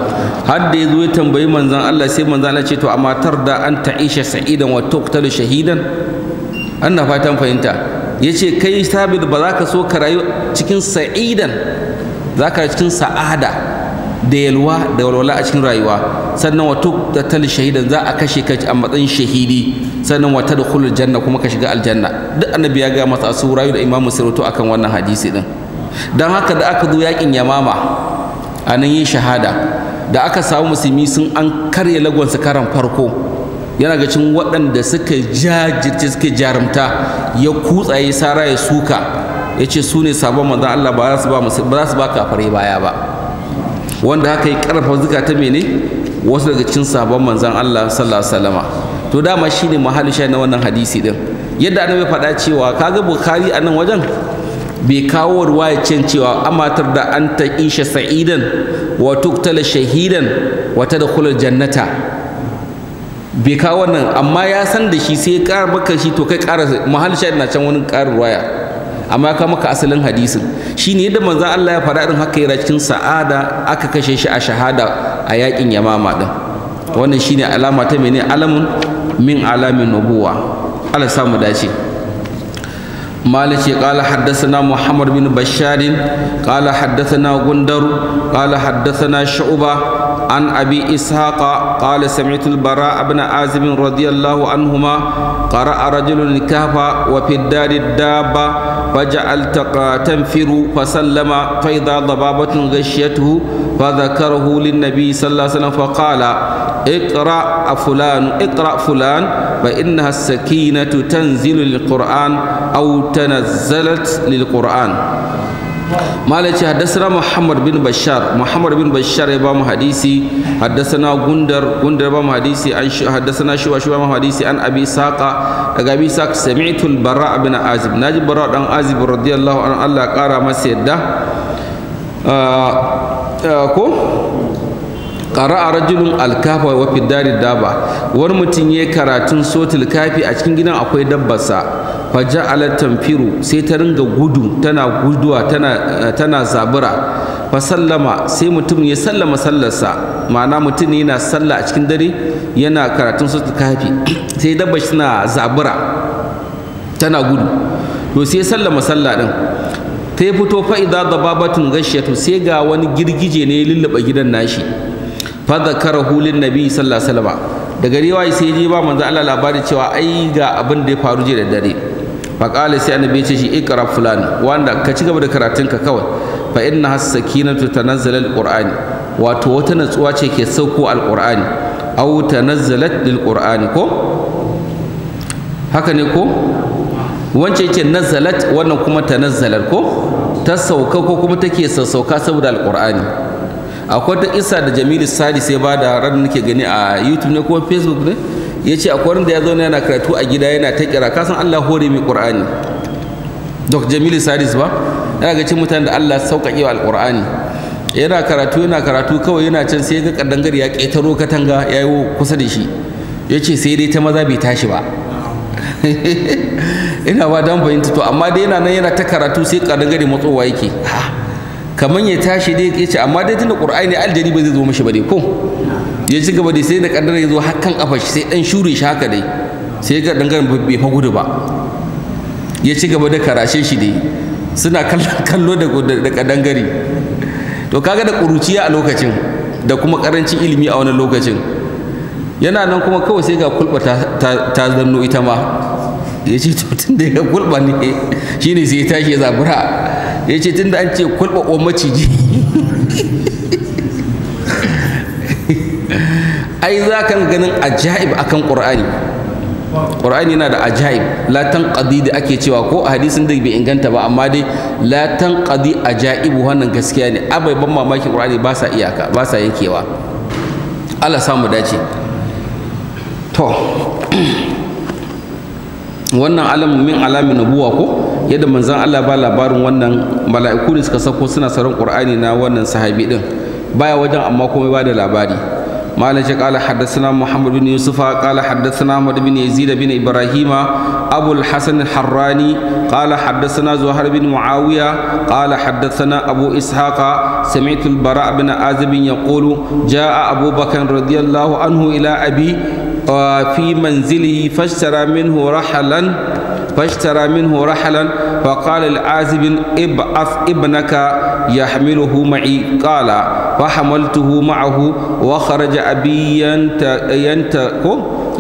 har da ya zo ya tambayi manzan Allah sai manzan Allah ce to amma da an ta'isha sa'idan wa tuqtalu shahidan na fatan fahimta yace kai sabir ba za ka so ka rayu cikin sa'idan za ka cikin sa'ada da yalwa da walwala a cikin rayuwa sannan wa tuqtalu shahidan za a kashe ka a matsayin shahidi sannan wa tadkhulul janna kuma ka shiga aljanna duk annabi ya ga masa su rayu da imamu sirrutu akan wannan hadisi din dan haka da aka zo yakin yamama a nan yin shahada da aka samu musulmi sun an karya lagonsa karan farko yana ga cin waɗanda suka jajirce suka jarumta ya kutsa ya sara ya suka ya ce su ne sabon manzan Allah ba za su ba kafare baya ba wanda haka yi ƙarfa zukata mene wasu daga cin sabon manzan Allah sallallahu to dama shine ne sha na wannan hadisi din yadda annabi faɗa cewa kaga bukhari a nan wajen bai kawo ruwaya can cewa amatar da an ta isha sa'idan wa tuktala shahidan wa kula jannata bai kawo wannan amma ya san da shi sai ya maka shi to kai ƙara mahal shahid na can wani ƙarin ruwaya amma ya kawo maka asalin hadisin ne yadda manzan Allah ya faɗa ɗin haka yana cikin sa'ada aka kashe shi a shahada a yakin yamama din wannan shine alama ta mene alamun min alamin nubuwa Allah samu dace مالك قال حدثنا محمد بن بشار قال حدثنا غندر قال حدثنا شعبة عن أبي إسحاق قال سمعت البراء بن عازب رضي الله عنهما قرأ رجل الكهف وفي الدار الدابة فجعلت تنفر فسلم فإذا ضبابة غشيته فذكره للنبي صلى الله عليه وسلم فقال اقرأ فلان اقرأ فلان فإنها السكينة تنزل للقرآن أو تنزلت للقرآن مالك حدثنا محمد بن بشار محمد بن بشار بام حديثي حدثنا غندر غندر بام حديثي عن حدثنا شو شو بام حديثي عن أبي ساقة أبي ساق سمعت البراء بن عازب ناجي براء بن عازب رضي الله عنه الله قال ما سيده آه آه كو qara'a rajulun alkafa wa fi dari daba wani mutum ya karatun sotil kafi a cikin gidan akwai dabbasa fa ja'ala firu sai ta ringa gudu tana guduwa tana zabura fa sallama sai mutum ya sallama sallarsa ma'ana mutum ne yana sallah a cikin dare yana karatun sotil kafi sai shi tana zabura tana gudu to sai sallama sallah din ta fito fa'iza da babatun gashiyatu sai ga wani girgije ne ya lullaba gidan nashi fadakar hulun nabi sallallahu alaihi wasallam daga riwayi sai je ba manzo Allah labari cewa ai ga abin da ya faru jiya da dare fa qala sai annabi ya ce shi ikra fulan wanda ka ci gaba da karatunka kawai fa inna has-sakinatu tanazzala al-qur'ani wato wata natsuwa ce ke sauko al-qur'ani aw tanazzalat lil ko haka ne ko wance ce nazalat wannan kuma tanazzalar ko ta sauka ko kuma take sassauka saboda al akwai ta isa da jamilu sadi sai ba da ran nake gani a youtube ne ko facebook ne ya ce akwai wanda ya zo yana karatu a gida yana ta kira kasan allah hore mai qur'ani dok jamilu sadi ba yana ga cin mutane da allah sauƙaƙe wa alƙur'ani yana karatu yana karatu kawai yana can sai ga kaddangar ya ƙetaro katanga ya yi kusa da shi ya ce sai dai ta maza bai tashi ba ina ba don fahimta to amma dai yana nan yana ta karatu sai kaddangar matsowa yake kamar ya tashi dai ya ce amma dai tunda qur'ani aljani ba zai zo mishi ba dai ko ya ci gaba dai sai da kaddara ya zo hakan kafa shi sai dan shure shi haka dai sai ga dangar bai fa gudu ba ya ci gaba da karashe shi dai suna kallo da kadangare to kaga da kuruciya a lokacin da kuma karancin ilimi a wannan lokacin yana nan kuma kawai sai ga kulba ta zanno ita ma ya ce to tun da ya kulba ne shine sai ya tashi ya zabura ya ce tun da an ce kulɓaɓɓen maciji ai za ka ganin ajaib a kan ƙur'ani ƙur'ani yana da ajaib latan ƙadi da ake cewa ko a hadisin da bai inganta ba amma dai latan ƙadi ajaibu wannan gaskiya ne abai ban mamakin ƙur'ani ba sa iyaka ba sa yankewa Allah samu dace to wannan alamun min alamin nabuwa ko yadda manzon Allah ba labarin wannan mala'iku ne suka sako suna saran Qur'ani na wannan sahabi din baya wajen amma komai ba da labari malam shi qala haddathana Muhammad bin Yusufa qala haddathana Ahmad bin Yazid bin Ibrahim Abu hasan harrani qala haddathana Zuhair bin Muawiya qala haddathana Abu Ishaq سمعت Bara, بن عازب يقول جاء أبو بكر رضي الله عنه إلى أبي في منزله فاشترى منه رحلا فاشترى منه رحلا فقال لعازب ابعث ابنك يحمله معي قال فحملته معه وخرج أبي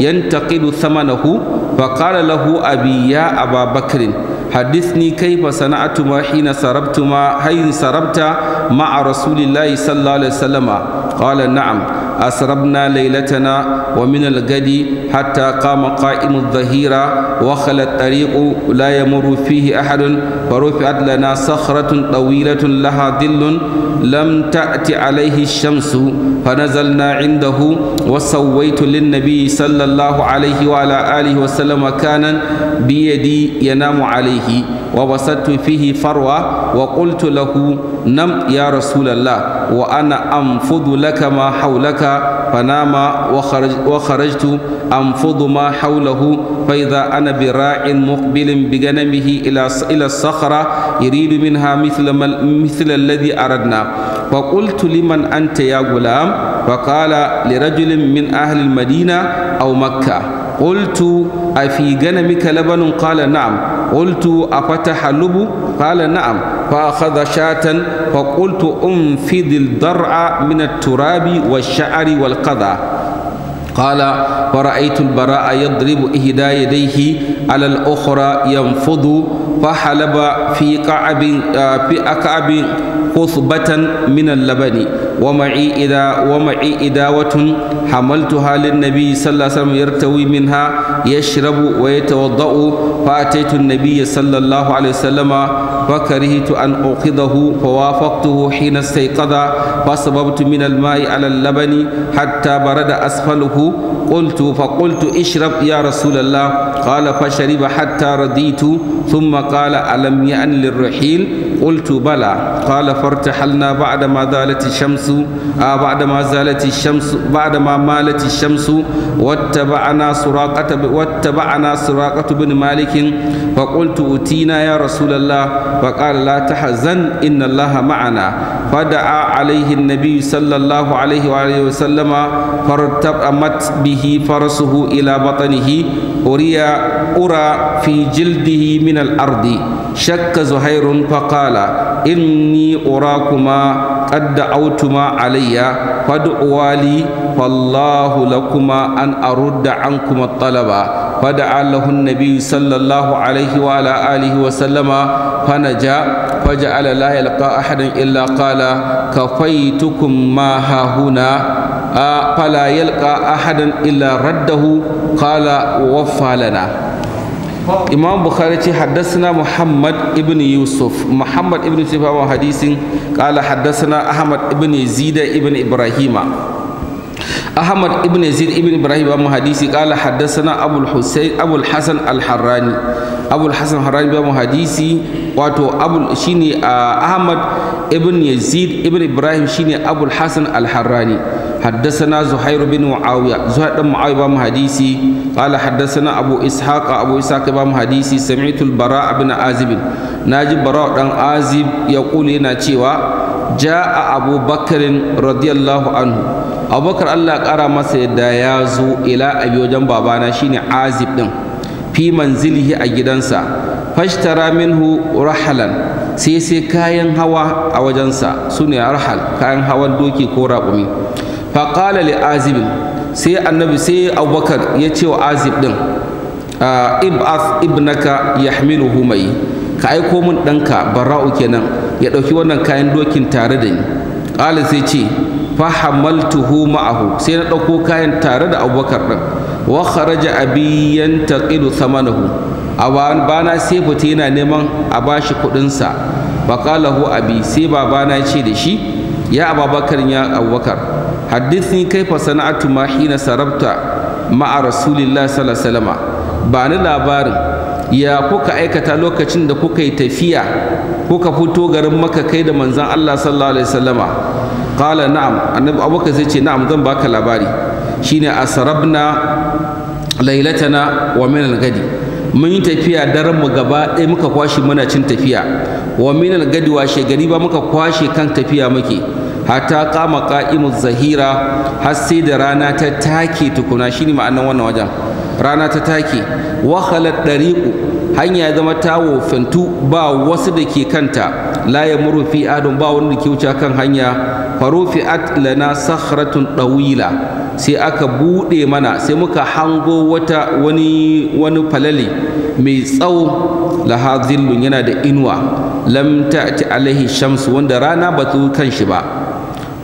ينتقد ثمنه فقال له أبي يا أبا بكر حدثني كيف صنعتما حين سربتما حين سربت مع رسول الله صلى الله عليه وسلم قال نعم أسربنا ليلتنا ومن الغد حتى قام قائم الظهيرة وخلى الطريق لا يمر فيه أحد فرفعت لنا صخرة طويلة لها ظل لم تأت عليه الشمس فنزلنا عنده وسويت للنبي صلى الله عليه وعلى آله وسلم مكانا بيدي ينام عليه وبسطت فيه فروة وقلت له نم يا رسول الله وأنا أنفض لك ما حولك فنام وخرج وخرجت أنفض ما حوله فإذا أنا براع مقبل بغنمه إلى إلى الصخرة يريد منها مثل مثل الذي أردنا فقلت لمن أنت يا غلام فقال لرجل من أهل المدينة أو مكة قلت أفي جنمك لبن قال نعم قلت أفتح لب قال نعم فأخذ شاة فقلت أنفذ الضرع من التراب والشعر والقضاء قال فرأيت البراء يضرب إهدا يديه على الأخرى ينفض فحلب في كعب آه، في أكعب Kusbatan min al-labani wa ma'i idha wa ma'i idawatun hamaltuha lin-nabiy sallallahu alaihi wasallam yartawi minha yashrabu wa yatawadda'u fa ataytu an-nabiy sallallahu alaihi wasallam fa karihtu an uqidahu fa wafaqtuhu hina istayqadha fa sababtu min al-ma'i ala al-labani hatta barada asfaluhu qultu fa qultu ishrab ya rasulallah qala fa shariba hatta raditu thumma qala alam ya'ni lir-rihil قلت بلى قال فارتحلنا بعدما زالت الشمس آه بعدما زالت الشمس بعدما مالت الشمس واتبعنا سراقة واتبعنا سراقة بن مالك فقلت أتينا يا رسول الله فقال لا تحزن إن الله معنا فدعا عليه النبي صلى الله عليه وآله وسلم فارتأمت به فرسه إلى بطنه أري أرى في جلده من الأرض شك زهير فقال إني أراكما قد دعوتما علي فادعوا لي فالله لكما أن أرد عنكما الطلب فدعا له النبي صلى الله عليه وعلى آله وسلم فنجا فجعل لا يلقى أحدا إلا قال كفيتكم ما هاهنا fala yalqa ahadan illa raddahu qala waffa lana imam bukhari ce haddasana muhammad ibn yusuf muhammad ibn yusuf wa hadisin qala haddasana ahmad ibn zida ibn ibrahima أحمد ابن زيد ابن إبراهيم المحدثي قال حدثنا أبو الحسين أبو الحسن الحراني أبو الحسن الحراني المحدثي واتو أبو شيني أحمد ابن يزيد ابن إبراهيم شيني أبو الحسن الحراني حدثنا زهير بن معاوية زهير بن معاوية بام حديثي قال حدثنا أبو إسحاق أبو إسحاق بام حديثي سمعت البراء بن عازب ناجي براء بن عازب يقول لنا تشيوا جاء أبو بكر رضي الله عنه أبو بكر الله قرى مسجد يازو إلى أبي وجنب بابانا شيني عازب دم في منزله أجدنسا فاشترى منه رحلا sai sai kayan hawa a wajensa su ne rahal kayan hawan doki ko raƙumi faƙala li azibin sai annabi sai abubakar ya ce wa azib din ibas ibnaka hamilu humayi ka aiko min ɗanka bara'u kenan ya ɗauki wannan kayan dokin tare da ni ƙalin sai ce fa ma'ahu sai na ɗauko kayan tare da abubakar ɗin wa kharaja abi yantaqidu samanahu a bana sai fita yana neman a bashi kuɗinsa ba ƙalahu abi sai babana ya ce da shi ya ababakar ya abubakar kai kaifa sana'atu ma hina sarabta ma'a rasulillah sallallahu alaihi wasallam ba ni labarin ya kuka aikata lokacin da kuka yi tafiya kuka fito garin maka kai da manzon Allah sallallahu alaihi wasallam qala na'am annabi abubakar zai ce na'am zan baka labari shine asrabna lailatana wa min al-gadi mun yi tafiya daren mu gaba ɗaya muka kwashe muna cin tafiya wa min al-gadi washe gari ba muka kwashe kan tafiya muke hatta kama ka'imu zahira har sai da rana ta take tukuna shine ma'anar wannan wajen rana ta take wahalar ɗariƙu hanya ya zama ta wofintu ba wasu da ke kanta la ya murufi adon ba wanda ke wuce kan hanya farufi'at lana sahratun ɗawila sai aka buɗe mana sai muka hango wata wani wani falale mai tsawo laha zillun yana da inuwa lam ta'ti alaihi shams wanda rana ba ta kan shi ba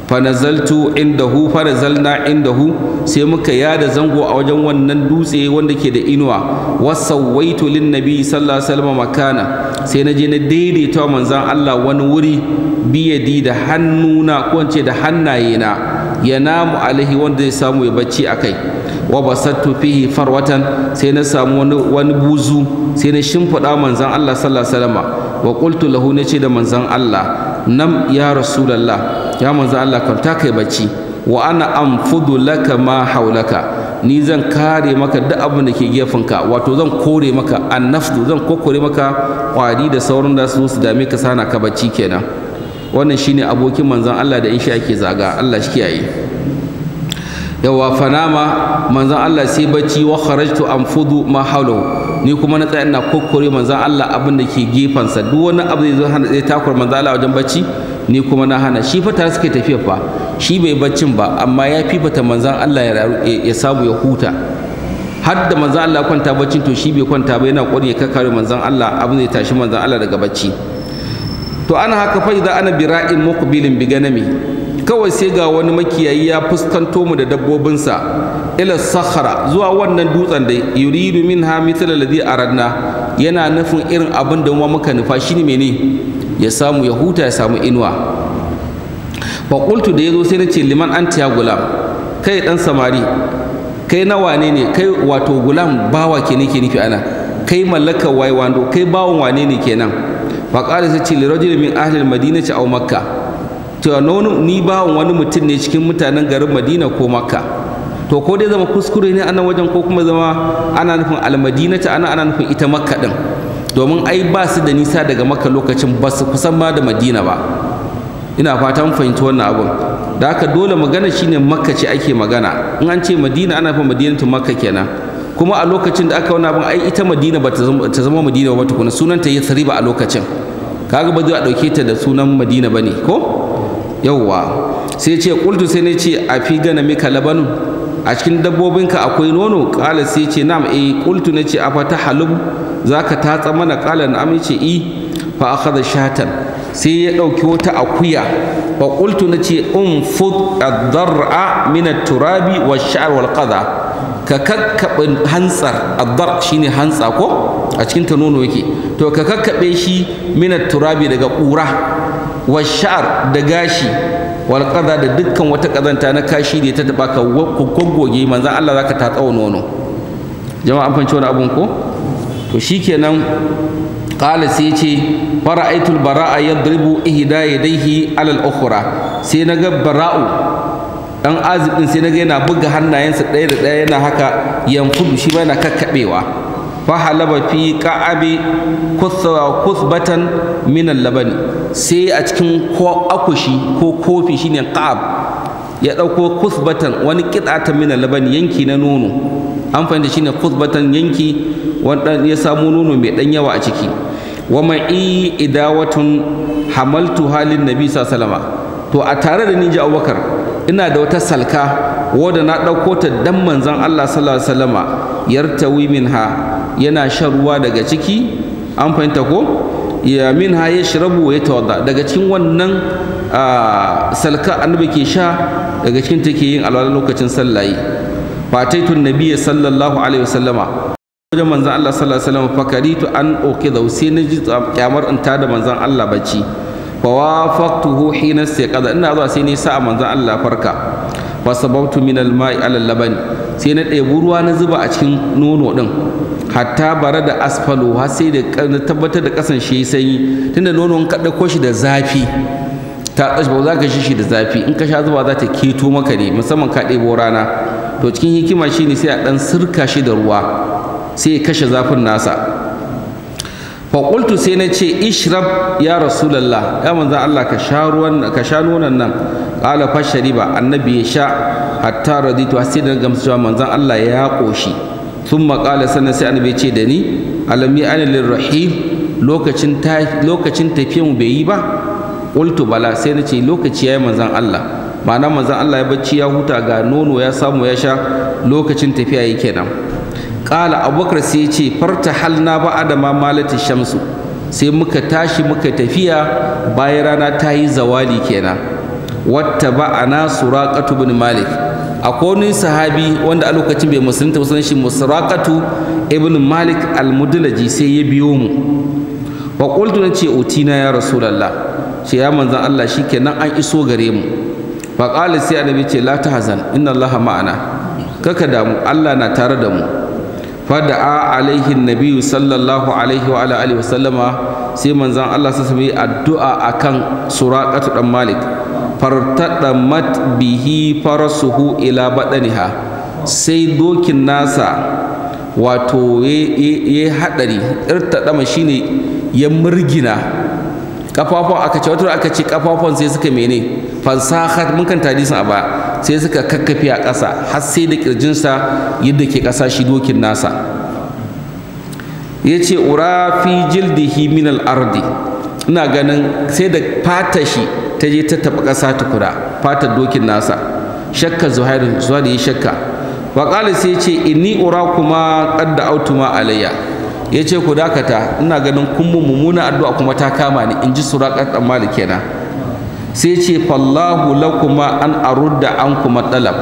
fanazaltu indahu fanazalna indahu sai muka yada zango a wajen wannan dutse wanda ke da inuwa wasawaitu lin nabi sallallahu alaihi wasallam makana sai na je na daidaita manzon Allah wani wuri biyadi da hannuna ko ce da hannayena ya namu alaihi wanda zai samu ya bacci akai wa basattu fihi farwatan sai na samu wani wani buzu sai na shimfiɗa manzon Allah sallallahu alaihi wasallam wa qultu lahu nace da manzon Allah nam ya rasulallah ya manzo Allah kam ta kai bacci wa ana anfudu laka ma haulaka ni zan kare maka duk abin da ke ka wato zan kore maka annafdu zan kokore maka kwari da sauran da su su dame ka sana ka bacci kenan wannan shine abokin manzon Allah da in yake zaga Allah shi kiyaye yawa fanama manzon Allah sai bacci wa kharajtu anfudu ma haulahu ni kuma na tsaya ina kokore manzan Allah abin da ke sa duk wani abu zai zo hana zai takura manzan Allah wajen bacci ni kuma na hana shi fa tare suke tafiya fa shi bai baccin ba amma ya fifata manzan Allah ya samu ya huta har da manzan Allah kwanta baccin to shi bai kwanta ba yana kokari ya kakkare manzan Allah abin zai tashi manzan Allah daga bacci to ana haka fa idan ana bira'in muqbilin bi ganami kawai sai ga wani makiyayi ya fuskanto mu da dabbobinsa ila sakhara zuwa wannan dutsen da yuridu minha mithla ladhi aradna yana nufin irin abin da muka nufa shine mene ya samu ya huta ya samu inuwa fa qultu da yazo sai na ce liman anta ya gulam kai dan samari kai na wane ne kai wato gulam bawa ke nake nufi ana kai mallakar wando kai bawan wane ne kenan fa qala sai ce li rajulin min ahli al-madinati aw makkah to ni bawon wani mutum ne cikin mutanen garin madina ko makka to ko dai zama kuskure ne ana wajen ko kuma zama ana nufin ta ana ana nufin ita makka din domin ai ba su da nisa daga makka lokacin ba su kusan ma da madina ba ina fata mun fahimci wannan abun da haka dole magana shine makka ce ake magana in an ce madina ana fa madinatu makka kenan kuma a lokacin da aka wani abin ai ita madina ba ta zama madina ba tukuna sunanta yasriba a lokacin kaga ba zai a dauke ta da sunan madina ba ne ko yawwa sai ce kultu sai ne ce a fi gana mika labanun a cikin dabbobinka akwai nono kala sai ce na'am eh ne ce a fata halub zaka tatsa mana kala na'am ce i fa akhadha shatan sai ya dauki wata akuya fa ce nace fud ad-dar'a min at-turabi wash-sha'r wal-qadha ka kakkabe hantsar ad-dar shine hantsa ko a cikin ta nono yake to ka kakkabe shi min turabi daga ƙura. wa da gashi wal da dukkan wata kazanta na kashi da ta taba ka goggoge manzon Allah zaka ta tsawo nono jama'a an fahimci wani abun ko to shikenan qala sai ce fara'aitul bara'a yadribu ihda yadayhi alal ukhra sai naga bara'u dan azibin sai naga yana buga hannayensa ɗaya da ɗaya yana haka yanfudu shi ba yana kakkabewa fahalaba fi ka'abi kuthbatan min labani sai a cikin ko akushi ko kofi shine ka'ab ya ɗauko kuthbatan wani kitata min labani yanki na nono an fahimta shine kuthbatan yanki wanda ya samu nono mai ɗan yawa a ciki wa ma'i idawatun hamaltu halin nabi sallallahu to a tare da ni ji abubakar ina da wata salka wadda na ɗauko ta dan manzon Allah sallallahu alaihi wasallama yartawi minha yana shan ruwa daga ciki an fahimta ko ya min ha ya shirabu wa ya tawadda daga cikin wannan salka annabi ke sha daga cikin take yin alwala lokacin sallaye fataitun Nabiya sallallahu alaihi wasallama wajen manzan Allah sallallahu alaihi wasallam fakaritu an uqidha sai na ji kyamar in da manzan Allah bacci fa wafaqtuhu hina istiqadha ina zuwa sai ni sa manzan Allah farka fa sababtu min al-ma'i ala laban sai na ɗebi ruwa na zuba a cikin nono din hatta bara da asfalo har sai da tabbatar da kasan shi sanyi tunda nonon kaɗa ko shi da zafi ta tsashi ba za ka shi da zafi in ka sha zuba za ta keto maka ne musamman ka ɗebo rana to cikin hikima shi ne sai a ɗan sirka shi da ruwa sai ya kashe zafin nasa faƙultu sai na ce ishrab ya rasulallah ya manza Allah ka sha ruwan ka sha nonon nan ƙala fashari annabi ya sha hatta radito sai da gamsuwa manzan Allah ya ƙoshi thumma maƙala sannan sai annabi ce da ni alami ya'ni rahim lokacin lokacin tafiyan bai yi ba qultu bala sai na ce lokaci yi manzan Allah ma'ana manzon Allah ya bacci ya huta ga nono ya samu ya sha lokacin tafiya yake kenan qala abubakar sai ya ce farta halna ba adama malati shamsu sai muka tashi muka tafiya bayan rana ta yi zawali kenan Wata ba ana suraqatu bin malik akwai wani sahabi wanda a lokacin bai musulunta musulun shi musraqatu ibn malik al-mudlaji sai ya biyo mu fa qultu nace utina ya rasulullah ce ya manzon Allah shikenan an iso gare mu fa qala sai annabi ce la tahzan inna Allah ma'ana kaka damu Allah na tare da mu fa a alaihi nabiyyu sallallahu alaihi wa alihi wa sallama sai manzon Allah sai addu'a akan suraqatu dan malik Fartaɗa mat bihi farasuhu ila badaniha sai dokin nasa wato ya hadari irtadama shine ya murgina kafafon aka ce wato aka ce kafafon sai suka mene fansahar mun kan tadisin a ba sai suka kakkafe a ƙasa har sai da ƙirjinsa yadda ke ƙasa shi dokin nasa ya ce ura fi jildihi min ardi ina ganin sai da fata shi ta je ta taɓa ƙasa tukura fatar dokin nasa shakka zuhairu zuwa da yi shakka faƙali sai ce inni ura kuma ƙadda autuma alayya ya ce ku dakata ina ganin kun mummuna addu'a kuma ta kama ni in ji suraƙar ɗan malikena sai ce fallahu kuma an arudda an kuma ɗalab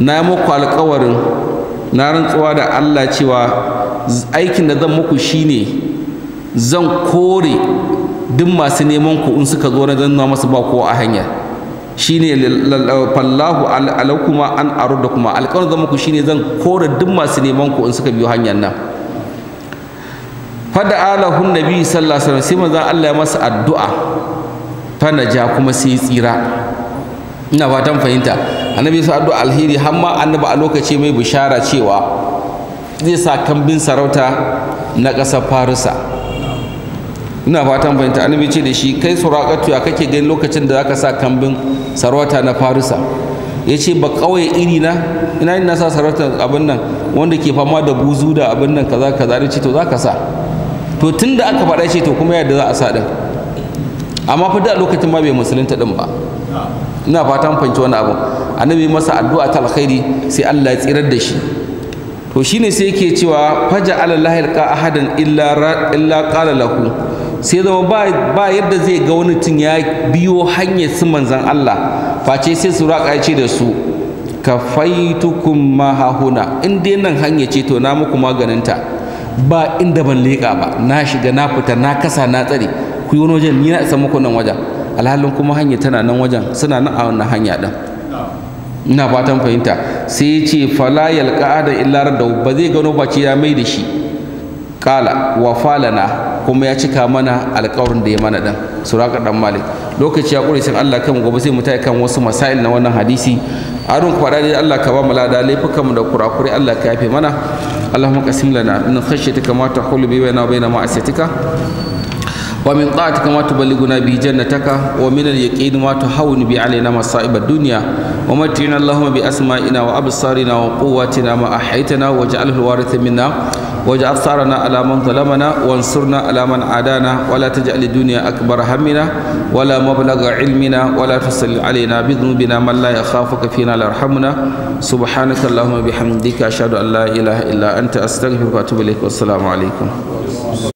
na yi muku alƙawarin na rantsuwa da allah cewa aikin da zan muku shine zan kore duk masu neman ku in suka zo na zanna masu ba kowa a hanya ne fallahu alakuma an da kuma alƙawar zama ku shine zan kora duk masu neman ku in suka biyo hanyar nan fada alahun nabi sallallahu alaihi wasallam sai manzo Allah ya masa addu'a fana ja kuma sai tsira ina fatan fahimta annabi sa addu'a alheri har ma annabi a lokaci mai bishara cewa zai sa kambin sarauta na ƙasar farisa ina fatan fahimta annabi ce da shi kai suraqatu ya kake gani lokacin da zaka sa kambin sarwata na farisa ya ce ba kawai iri na ina yin sa sarautar abin nan wanda ke fama da buzu da abin nan kaza kaza ne ce to zaka sa to tun da aka faɗa ce to kuma yadda za a sa ɗin amma fa da lokacin ma bai musulunta ɗin ba ina fatan fanci wani abu annabi masa addu'a ta alkhairi sai Allah ya tsirar da shi to shine sai yake cewa faja alallahi alqa ahadan illa illa qala lahu sai zama ba yadda zai ga wani tun ya biyo hanyar su manzan Allah face sai su raka ce da su kafaitukum ma hahuna in dai nan hanya ce to na muku maganinta ba inda ban leƙa ba na shiga na fita na kasa na tsare ku yi wani wajen ni na isa muku wajen alhalin kuma hanya tana nan wajen suna nan a wannan hanya ɗin ina fatan fahimta sai ya ce fala yalqa da illa ba zai gano ba ce ya mai da shi qala wa falana kuma ya cika mana alkawarin da ya mana dan suraka dan malik lokaci ya ƙure sai Allah kan gobe sai mu tayi kan wasu masail na wannan hadisi arun kwada da Allah ka ba mu lada laifukan mu da kurakure Allah ka yafe mana اللهم قسم لنا من خشيتك ما تحول بيننا وبين معصيتك ومن طاعتك ما تبلغنا به جنتك ومن اليقين ما تهون به علينا مصائب الدنيا ومتعنا اللهم بأسمائنا وأبصارنا وقواتنا ما أحيتنا واجعله الوارث منا waje afsarana alaman talamana wansurna alaman adana wala ta ji duniya akbar hamina wala mablaga ilmina wala ta sali alina bizunubina malla ya khafa ka fina larhamuna subhanaka allahumma bihamdika shaɗu allah ilaha illa anta astaghfiruka wa atubu alaikum